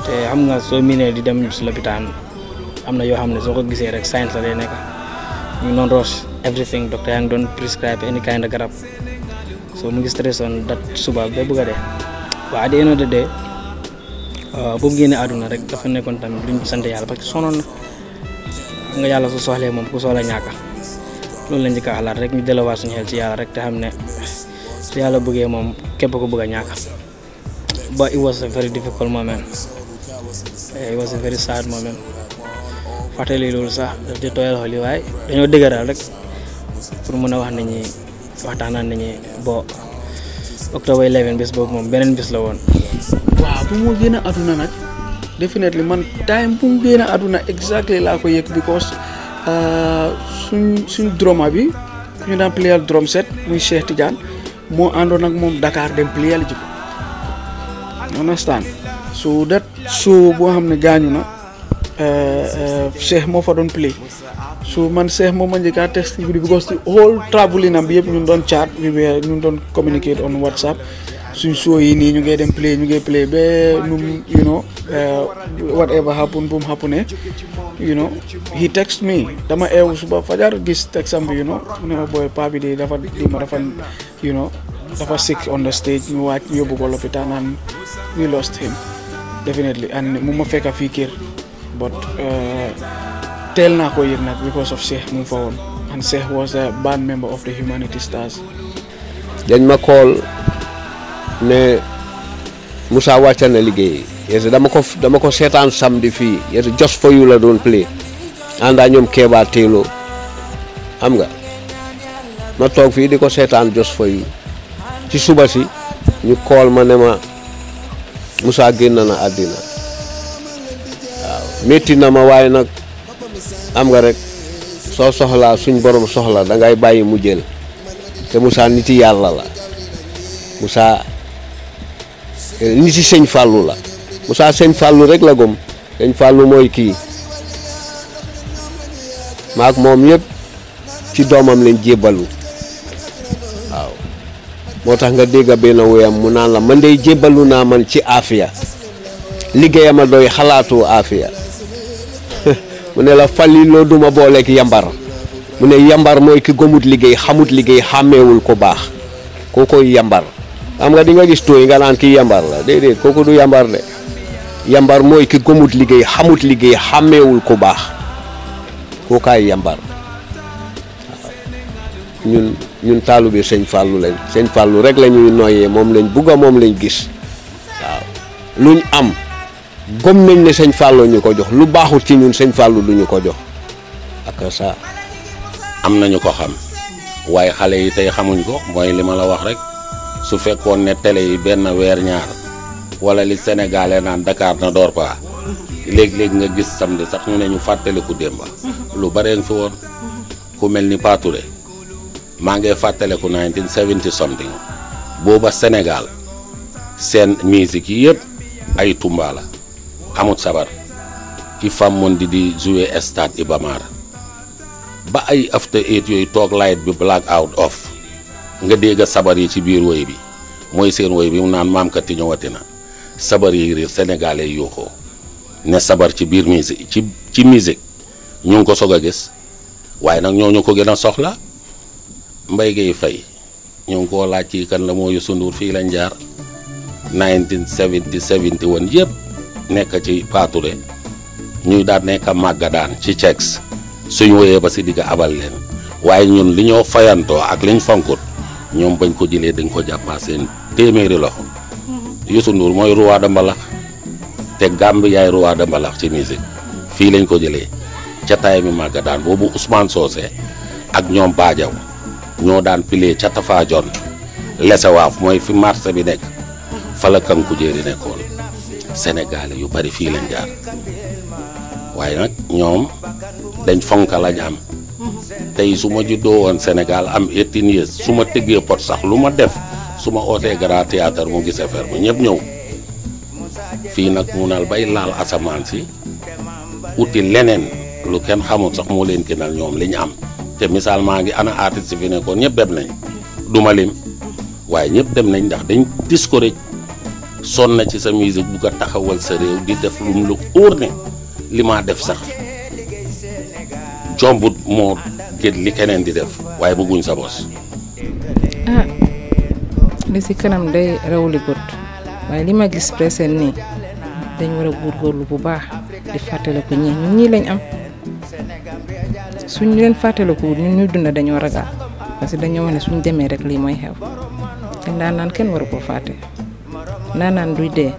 té xam nga so miné di dem ci l'hôpital amna yo xamné so ne ko gisee rek science la lay nek ñu non roche everything dokter Yang don't prescribe any kind of garap so mu ngi stress on that suba be bu a dee waaw at the end of day bu uh, ngi ne aduna rek dafa nekkoon tam luñu sante yalla parce que sonon na nga yalla su soxle mom ku soxla ñaka lolou lañu ka xalat rek ñu delawaat suñu xel ci yalla rek te xamne ne su yàlla bëggee képp ko bëgga ñaka ba it was a very difficult moment it was a very sad moment fàttali lolou sax ah. daf di toyal xol way dañu rek pour mën wax nit ñi waxtaanaa nit ñi bo octobre 11 bis boobu mom benen bis la won waaw bu mu gëna aduna nak definitely man time bu mu gëna aduna exactly la ko yek because euh, suñ suñ drama bi ñu player drum set muy Cheikh Tidiane mo ando nak mom Dakar dem player ji ko understand so that so xamne gañu na euh na euh, Cheikh mo fa play so man cheikh mo man jika text di because the whole traveling am yeb ñun don chat we were don communicate on whatsapp suñ so yi ni ñu ngay dem play ñu ngay play be num you know uh, whatever happen boom happen eh? you know he text me dama ew eh, suba fajar gis text am you know ne oh, boy pa bi de dafa di ma dafa you know dafa sick on the stage ñu wacc yobu ko l'hôpital and we lost him definitely and mu ma fekk fi kër but uh, teel naa ko yëg nag because of Cheikh mu ngi fa woon and Cheikh was a band member of the Humanity Stars. dañ ma kool ne Moussa wàcca na liggéey yeesu dama ko dama ko seetaan samedi fii yeesu just for you la doon play àndaa ñoom Kéba Télo xam nga ma toog fii di ko seetaan just for you ci suba si ñu kool ma ne ma Moussa génn na àddina waaw métti ma waaye nag. am nga rek soo soxlaa suñ boroom soxla dangay bàyyi mu jël te musaa nit yàlla la musaa eh, nit yi sëñ fàllu la Moussa sëñ Fallou rek la gom sëñ Fallou mooy kii maak moom yëpp ci doomam lañ jébbalu waaw moo tax nga dégg benn wéyam mu naan la man day jébbalu naa man ci aafiya liggéeyam a doy xalaatu aafiya mu ne la fali loo duma booleeg yambar mu ne yambar mooy ki gëmut liggéey xamut liggéey xàmmeewul ko baax kookoy yambar am nga di nga gis tooy nga naan kii yambar la déedéet kooku du yambar de yambar mooy ki gëmut liggéey xamut liggéey xàmmeewul ku baax kookaay yambar ñun ñun taalu bi sëñ Fallou lañ sëñ Fallou rek la ñuy moom lañ bugg a moom lañ gis waaw luñ am. gom nañ ne sëñ Fallou ñu ko jox lu baaxul ci ñun sëñ Fallou duñu ko jox ak am nañu ko xam waaye xale yi tey xamuñ ko mooy li ma la wax rek su fekkoon ne tele yi benn weer ñaar wala li sénégalais naan Dakar na door paa léeg nga gis samedi sax ñu ne ñu fàttaliku démba lu bareen fi woon ku mel ni Patouré maa ngi fàttaliku 1970 something booba Sénégal seen musique yi yëpp ay Tumba la. amut sabar ci fàmmoon di di jouer stade Iba ba ay after eight yooyu toog light bi black out off nga dégg sabar yi ci biir woy bi mooy seen woy bi mu naan maam kat ñëwati na sabar yi réer sénégalais yuuxoo ne sabar ci biir musique ci ci musique ñu ngi ko soog a gis waaye nag ñooñu ko gën a soxla Mbaye Gueye fay ñu ngi koo laaj ci kan la moo Youssou fii lañ jaar 1970 71 yëpp. nekk ci paature ñuy daan nekk màggadaan ci ceeks suñ woyee ba si digg abal leen waaye ñun li ñoo fayantoo ak liñ fankut ñoom bañ ko jëlee dañ ko jàppaa seen téeméeri loxo mm-hmm. Youssou Ndour mooy roi mbalax te Gambie yaay roi mbalax ci musique fii lañ ko jëlee ca taay mi màggadaan boobu Ousmane soose ak ñoom Badiaw ñoo daan pilee ca Tafa Jon lesewaaf mooy fi marché bi nekk fa la kanku jéeri nekkoon sénégalais yu bari fii lañ jaar waaye nag ñoom dañ fonk la am tey su ma juddoo woon Sénégal am eighteen years su ma tëggee pot sax lu ma def su ma ootee grand théâtre mu gis affaire bi ñëpp ñëw fii nag mu nal bay laal asamaan si uti leneen lu kenn xamul sax mu leen gënal ñoom li am te misaal maa ngi ana artiste fi nekkoon ñëpp dem nañ duma lim waaye ñépp dem nañ ndax dañ discourage sonn na ci sa musique bu ko taxawal sa réew di def lu mu la óor ne li maa def sax jombut moo gën li keneen di def waaye bëgguñ sa bos ah li si kanam day rawli bët waaye li ma gis presen nii dañ war a góorgóorlu bu baax di fàttaliku ñii ñun ñii lañ am suñ leen fàttaliku ñun ñuy dund dañoo ragal parce que dañoo wane suñ demee rek li mooy xew te daan naan kenn waru koo fàtte nanan du dé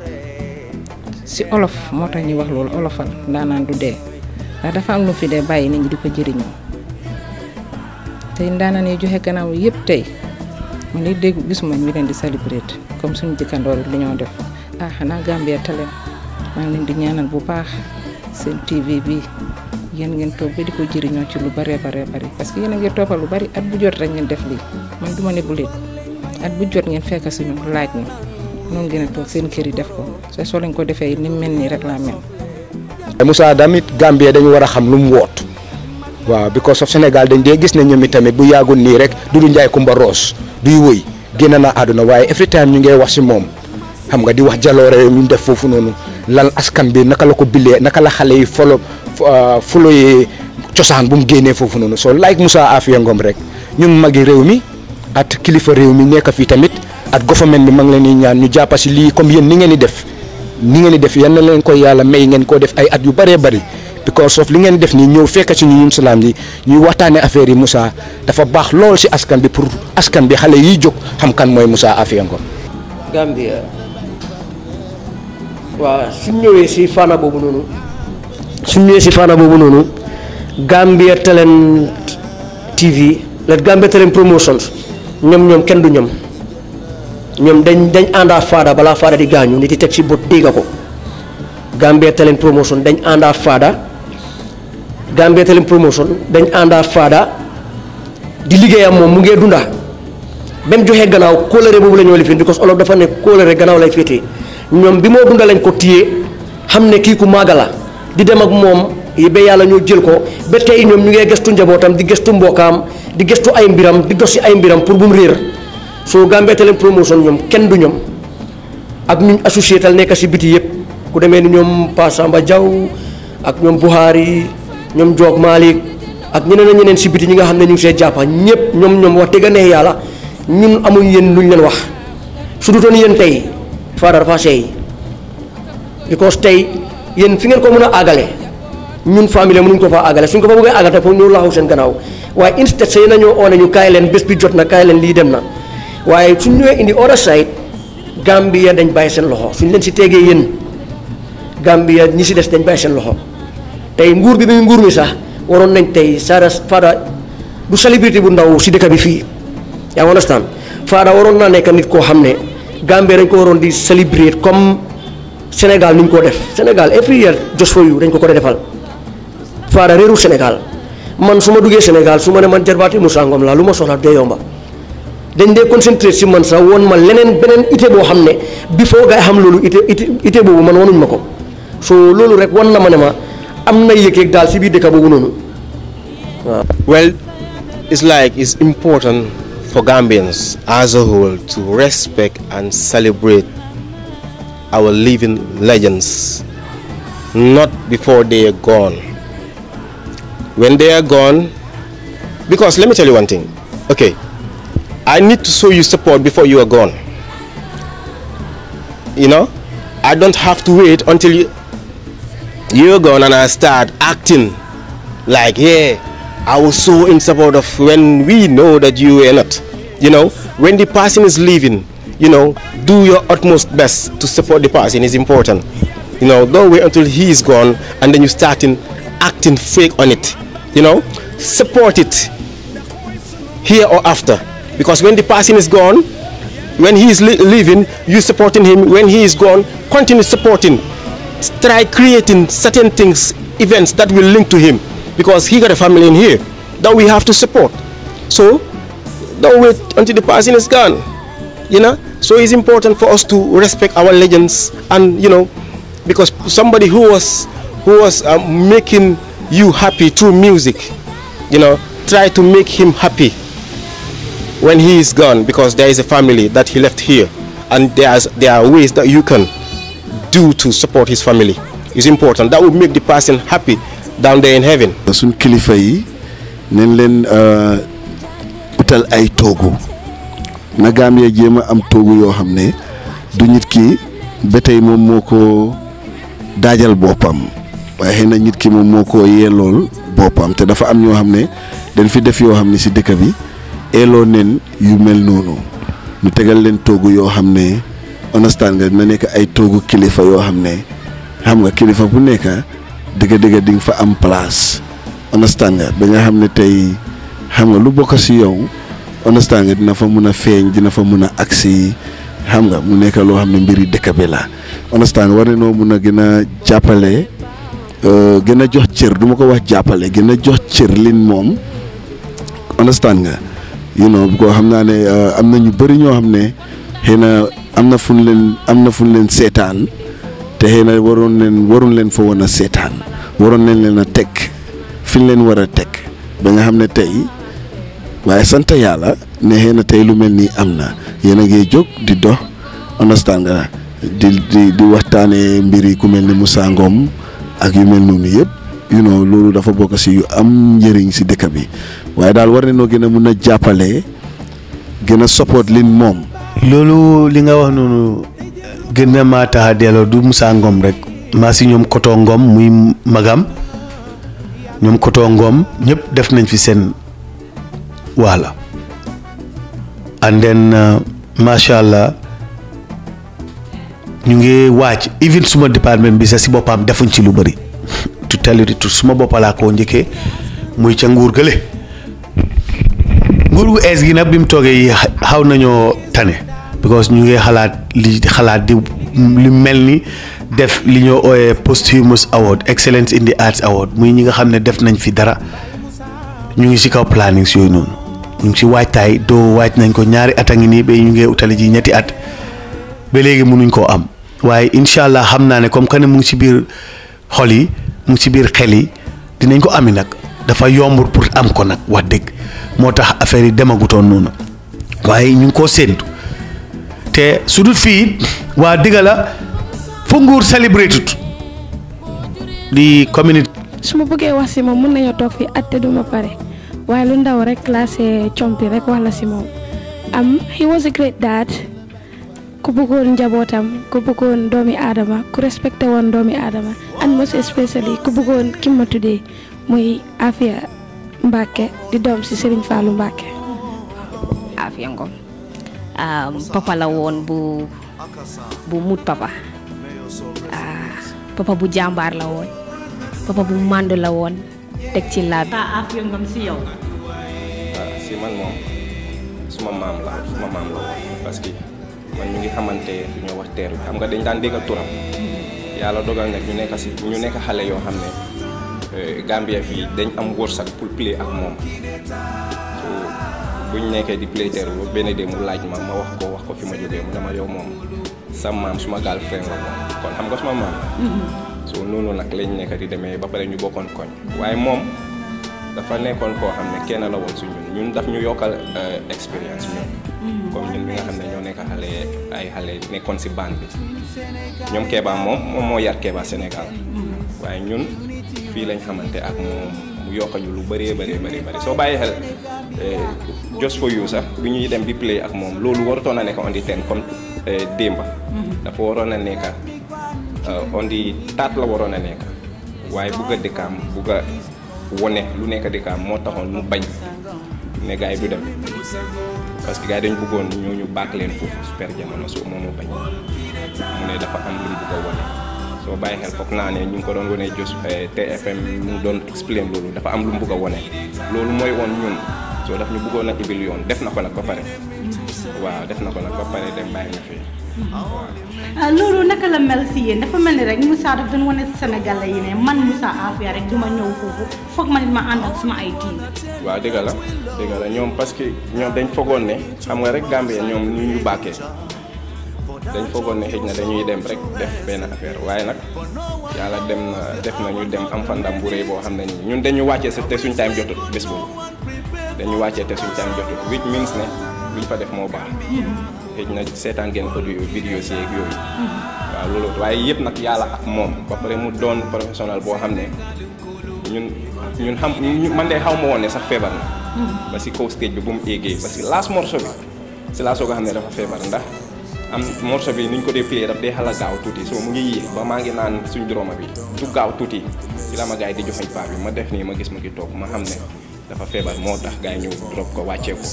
si olof mo tax ñuy wax lool olofal nanan du dé da dafa am lu fi dé bayyi nit ñi di jëriñu tay ndanan ndaanaan yi joxe gënaaw yépp tay man ni dégg gisuma ñu leen di célébrer comme suñu jëkkandoor li ñoo def ah na Gambia télé mang ngi leen di ñaanal bu baax seen TV bi yen ngeen toog ba di ko jëriñoo ci lu bare bare bare parce que yéen a ngi toppal lu bari at bu jot rek ngeen def lii man duma ne bu leen at bu jot ngeen fekk suñu laaj ñu non ngi tok seen kër yi def ko so lañ ko défé ni melni rek la mel. Eh, Moussa Damit Gambie dañu wara xam lu mu wot waaw because of senegal dañ dé gis na ñoom tamit bu yagul ni rek Dudu Njaay Kumba ros, duy wëy gëna na aduna waye every time ñu ngi wax ci mom xam nga di wax jalo rew ñu def fofu noonu lan askan bi naka la ko bilé naka la xalé yi folo ah, yi ciosan bu mu gëné fofu so like Moussa Afia Ngom rek ñun magi rew mi at kilifa rew mi nekk fi tamit ak government bi ma ngi leen ñaan ñu jàppa comme yeen ni ngeen di def ni ngeen di def yan na leen koy may ngeen ko def ay at yu bare bare because of li ngeen def ni ñew fekk ci ñun salam yi ñu waxtane affaire yi Moussa dafa bax lool si askan bi pour askan bi xalé yi jóg xam kan moy Moussa Afia Gambia wa su ñewé ci fana bobu nonu su ñewé ci fana bobu nonu Gambia Talent TV la Gambia Talent Promotions ñom ñom kenn du ñom ñom dañ dañ anda fada bala fada di gañu nit di tek ci bot diga ko gambia talent promotion dañ anda fada gambia talent promotion dañ anda fada di liggey am mom mu ngey dunda bem joxe gannaaw coloré bobu lañu ñoo lifin because olof dafa ne coloré gannaaw lay fété ñom bi mo dunda lañ ko téye xamné magala ku magala di dem ak mom yi be yalla ñu jël ko be tay ñom ñu ngey gestu njabotam di gestu mbokam di gestu ay mbiram di ay mbiram pour bu mu rir soo Gambian Talents Promotion ñoom kenn du ñoom ak ñu associé tal nekk si biti yëpp ku demee ni ñoom Pa ba Diaw ak ñoom Buhari ñoom Joog Malick ak ñeneen ñeneen si biti ñi nga xam ne ñu ngi see jàppa ñëpp ñoom ñoom wax dëgg neex yàlla ñun amuñ yéen luñ leen wax su dutoon yéen tey tey a àggale ñun ko fa àggale suñ ko fa àggale te foofu ñu laxaw seen gannaaw waaye instead sa yéen ñoo oone ñu kaay leen bés bi jot na kaay leen lii dem na waaye suñ ñëwee indi other side Gambia dañ bàyyi seen loxo suñ leen si tegee yéen Gambia ñi si des dañ bàyyi seen loxo tey nguur bi muy nguur mi sax waroon nañ tey Sara Fada du célébrité bu ndaw si dëkk bi fii yaa ngi understand Fada waroon naa nekk nit koo xam ne Gambia dañ ko waroon di célébrer comme Sénégal ni ko def Sénégal every year just for dañ ko ko defal Fada réeru Sénégal man su ma duggee Sénégal su ma ne man jarbaati mu Ngom laa lu ma soxla dee yomba. dañ dee concentré si man sax woon ma leneen beneen ité boo xam ne bi foo gaa xam loolu ité ité boobu man wanuñ ma ko soo rek wan na ma ne ma am na yëg-yëg daal si well it's like it's important for Gambians as a whole to respect and celebrate our living legends not before they are gone when they are gone because let me tell you one thing okay I need to show you support before you are gone. You know, I don't have to wait until you, you're gone and I start acting like, yeah, I was so in support of when we know that you were not. You know, when the person is leaving, you know, do your utmost best to support the person is important. You know, don't wait until he is gone and then you start in acting fake on it. You know, support it here or after. Because when the person is gone, when he is leaving, you supporting him. When he is gone, continue supporting. Try creating certain things, events that will link to him. Because he got a family in here that we have to support. So don't wait until the person is gone. You know? So it's important for us to respect our legends and you know, because somebody who was who was um, making you happy through music, you know, try to make him happy. when he is gone because there is a family that he left here and there's, there are ways that you can do to support his family is important that will make the person happy down there in heaven suñ kilifa yi nañ leen uh, utal ay toogu na gaam yee jéem a am toogu yoo xam ne du nit ki ba tey moom moo ko daajal boppam waaye xëy na nit ki moom moo ko yeelool boppam te dafa am ñoo xam ne dañ fi def yoo xam ne si dëkk bi eeloo nen yu mel noonu ñu tegal leen toogu yoo xam ne understand nga dina nekk ay toogu kilifa yoo xam ne xam nga kilifa bu nekk dëgg-dëgg di fa am place understand nga ba nga xam ne tey xam nga lu bokk si yow understand nga dina fa mun a feeñ dina fa mun a agsi xam nga mu nekk loo xam ne mbiri dëkk bi la understand war noo mun a gën a jàppale euh, gën a jox cër du ma ko wax jàppale gën a jox cër lin moom understand nga you know ko xam naa ne euh, am na ñu bëri ñoo xam ne xëy na am na fu ñu leen am na fu ñu leen seetaan te xëy waroon leen waroon leen fa woon a seetaan waroon nañ leen a teg fi ñu leen war a teg ba nga xam ne tey waaye sant yàlla ne xëy na tey lu mel nii am na yéen a ngi jóg di dox understand nga di di di waxtaanee mbir yi ku mel ni Moussa Ngom ak yu mel noonu yëpp. you know lulu dafa bok ci yu am njëriñ si dekk bi waye dal war nañoo gën a support lin mom. Lulu li nga wax nonu gëna ma maa du Musa Ngom rek ma si ñom Koto Ngom muy magam ñom Koto Ngom ñep def nañ fi sen wala and then uh, allah ñu ngi wacc even suma department bi sa si bopam defuñ ci lu bari to tell you the truth suma bopp laa koo njëkkee muy ca nguur gële nguur gu ees gi nag bi mu toogee yi xaw nañoo tane because ñu ngi xalaat li xalaat di lu mel ni def li ñoo ooyee posthumous award excellence in the arts award muy ñi nga xam ne def nañ fi dara ñu ngi si kaw plannings yooyu noonu ñu ngi si waajtaay doo waaj nañ ko ñaari at a ngi nii ba ñu ngi utali ji ñetti at ba léegi nuñ koo am waaye incha allah xam naa ne comme que ne mu ngi si biir xol yi mu ci biir xel yi dinañ ko ami nag dafa yombul pour am ko nag wax dëgg moo tax affaire yi demagutoo noonu waaye ñu ngi koo séentu te su dul fii waa digga la fu nguur célébré tut di communauté. su ma bëggee wax si moom mun nañoo toog fii at te duma pare waaye lu ndaw rek classé compi rek wax la si moom am he was a great dad. ku bëggoon njabootam ku bëggoon doomi aadama ku respecté woon doomi aadama and most especially ku bëggoon ki ma tuddee muy Afia mbàkke di doom si sëriñ Fallou mbàkke Afia Ngom papa la woon bu bu mut papa ah, papa bu jàmbaar la woon papa bu mandu la woon teg ci laa bi Afia Ngom si yow. Ah, si man moom suma maam la suma maam la woon parce que. man ñu ngi xamante ñoo wax teer bi xam nga dañ daan dégg turam yàlla dogal nag ñu nekk si ñu nekk xale yoo xam ne eh, Gambia fii dañ am wërsëg pour play ak moom buñ nekkee di play teer ba benn dee mu laaj ma ma wax ko wax ko fi mu ne ma yow moom sa maam suma gaal fen la moom kon xam nga suma maam mm-hmm. so noonu nag lañ nekk di demee ba pare ñu bokkoon koñ waaye moom dafa nekkoon koo xam ne kenn la woon su ñun daf ñu yokkal eh, expérience ñun Mm. comme ñun ñi nga xam ne ñoo nekk xale ay xale nekkoon si bande bi ñoom Kéba moom moom moo yar Kéba Sénégal mm. waaye ñun fii lañ xamante ak moom mu yokk ñu lu bëree bëree bëri bëri soo bàyyi xel eh, Just for You sax bi ñuy dem bi play ak moom loolu warutoon a nekk on the ten comme eh, démba mm-hmm. dafa waroon a nekk eh, on taat la waroon a nekk waaye bugg a dëkkaam bugg wone lu nekk dëkkaam moo taxoon mu bañ ne gaay dem parce que gars dañu bëggoon ñooñu bàkk leen foofu super jamono soo moomu bañ mu ne dafa am lu mu bëgg a soo bàyyi xel foog naa ne ñu ngi ko doon wane jos eh, TFM mu doon explain loolu dafa am lu mu bëgg a wane loolu mooy woon ñun soo daf ñu bëggoon a ibil yoon def na ko nag ba pare mm. waaw def na ko nag ba pare dem bàyyi na fi Ah, lolu naka la mel ci yeen dafa melni rek Moussa daf doon wane Sénégalais yi ne man Moussa Afia rek duma ma fofu fokk man ma nit ma ànd ak suma ay tiim. wa dëgg la dëgg la ñom parce que ñom dañ fogon ne xam nga rek Gambie ñom ñu ñu baké dañ fogon ne xej na dañuy dem rek def ben affaire waye nak yalla dem na def na ñu dem am fa ndam bu rëy bo xam ne ñun dañu ci té suñ time jotul bes bu dañu wàccee té suñ time jotul which means ne buñ fa def mo baax. Hmm. xëy na seetaan ngeen audio vidéo si ak yooyu waaw loolu waaye yëpp nag yàlla ak moom ba pare mu doon professionnel boo xam ne ñun ñun xam man de xaw ma woon ne sax feebar na mm-hmm. ba si kaw stage bi bu mu éegee parce que last morceau bi si laa soog a xam ne dafa feebar ndax am morceau bi nuñ ko dee play daf dee xala gaaw tuuti soo mu ngi yéex ba maa ngi naan suñ droma bi du gaaw tuuti ci la ma gars yi di joxañ paa bi ma def nii ma gis ma ki toog ma xam ne dafa febar moo tax drop yi ñëw ko wacce ko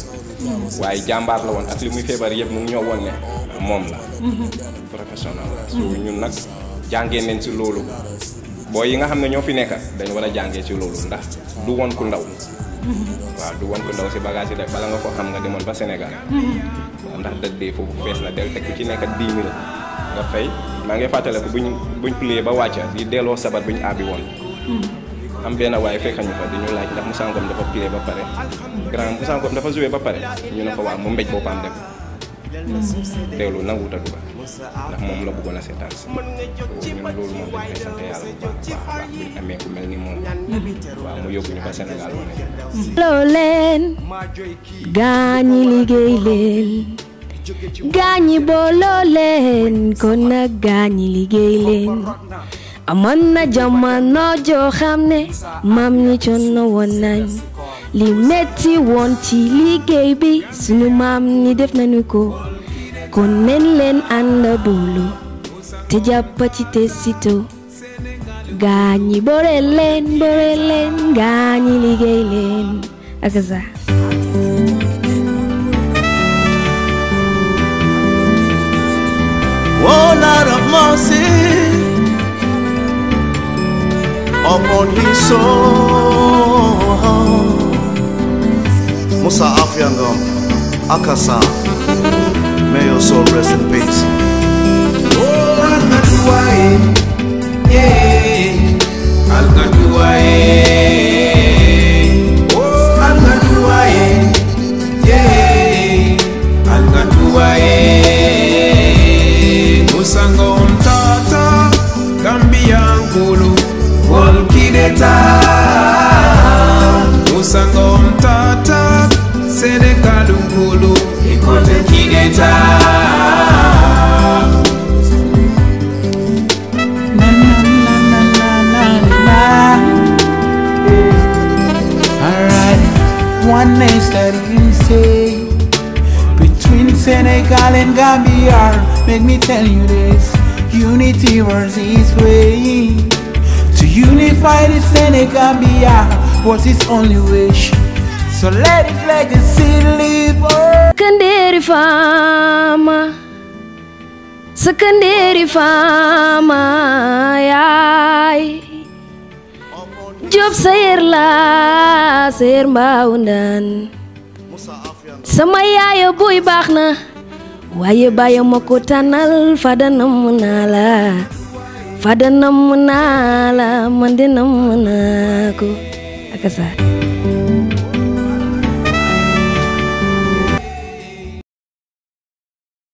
waye jambar la won ak limuy febar yeb mu ngi ñoo woon ne mom la professionnel su so ñun nak jangé nañ ci lolu boy yi nga xamne ne ñoo fi nekk dañ wara jangé ci lolu ndax du won ku ndaw wa du won ku ndaw ci bagage yi de bala nga ko xam nga demone ba Sénégal ndax dëkk bi fofu fess la del tek ci nekk 10000 nga fay ma nga fatale ko buñ buñ plie ba wacce di delloo sabar buñ abi won am benn waaye fekk ñu fa dañu laaj ndax Moussa Ngom dafa piree ba pare grand Moussa Ngom dafa joué ba pare ñu ne ko waaw mu mbéj boppam dem hmm. teewlu nanguwut a dugal ndax moom la bëggoon a seetaan si oh, ñun loolu moom dañ koy sant yàlla bu baax a baax bu ñu amee ku mel ni moom waaw mu yóbbu ñu ba Sénégal wane. loo leen gaañi liggéey leen. gaañi booloo leen kon nag gaañi liggéey leen. Amana na jo joo mam ñi coono woon nañ li metti woon ci liggéey bi suñu mam ñi def nañu ko kon nen leen ànd te jàpp ci te sito gani bore leen bore leen gaañi liggéey Oh Lord of mercy upon his soul. Musa Afyangam, Akasa, may your soul rest in peace. al yeah, Al-Qaduwaye. calling Gambiar Make me tell you this Unity was his way To unify the Senegambia Was his only wish So let his legacy live on Kandiri Fama Secondary Fama yeah. Job sayer la sayer mbaaw ndaan sama yaayo buy baax waaye bàyyi ma ko tànnal fada namm naa la fada namm naa la man de namm naa ko ak saa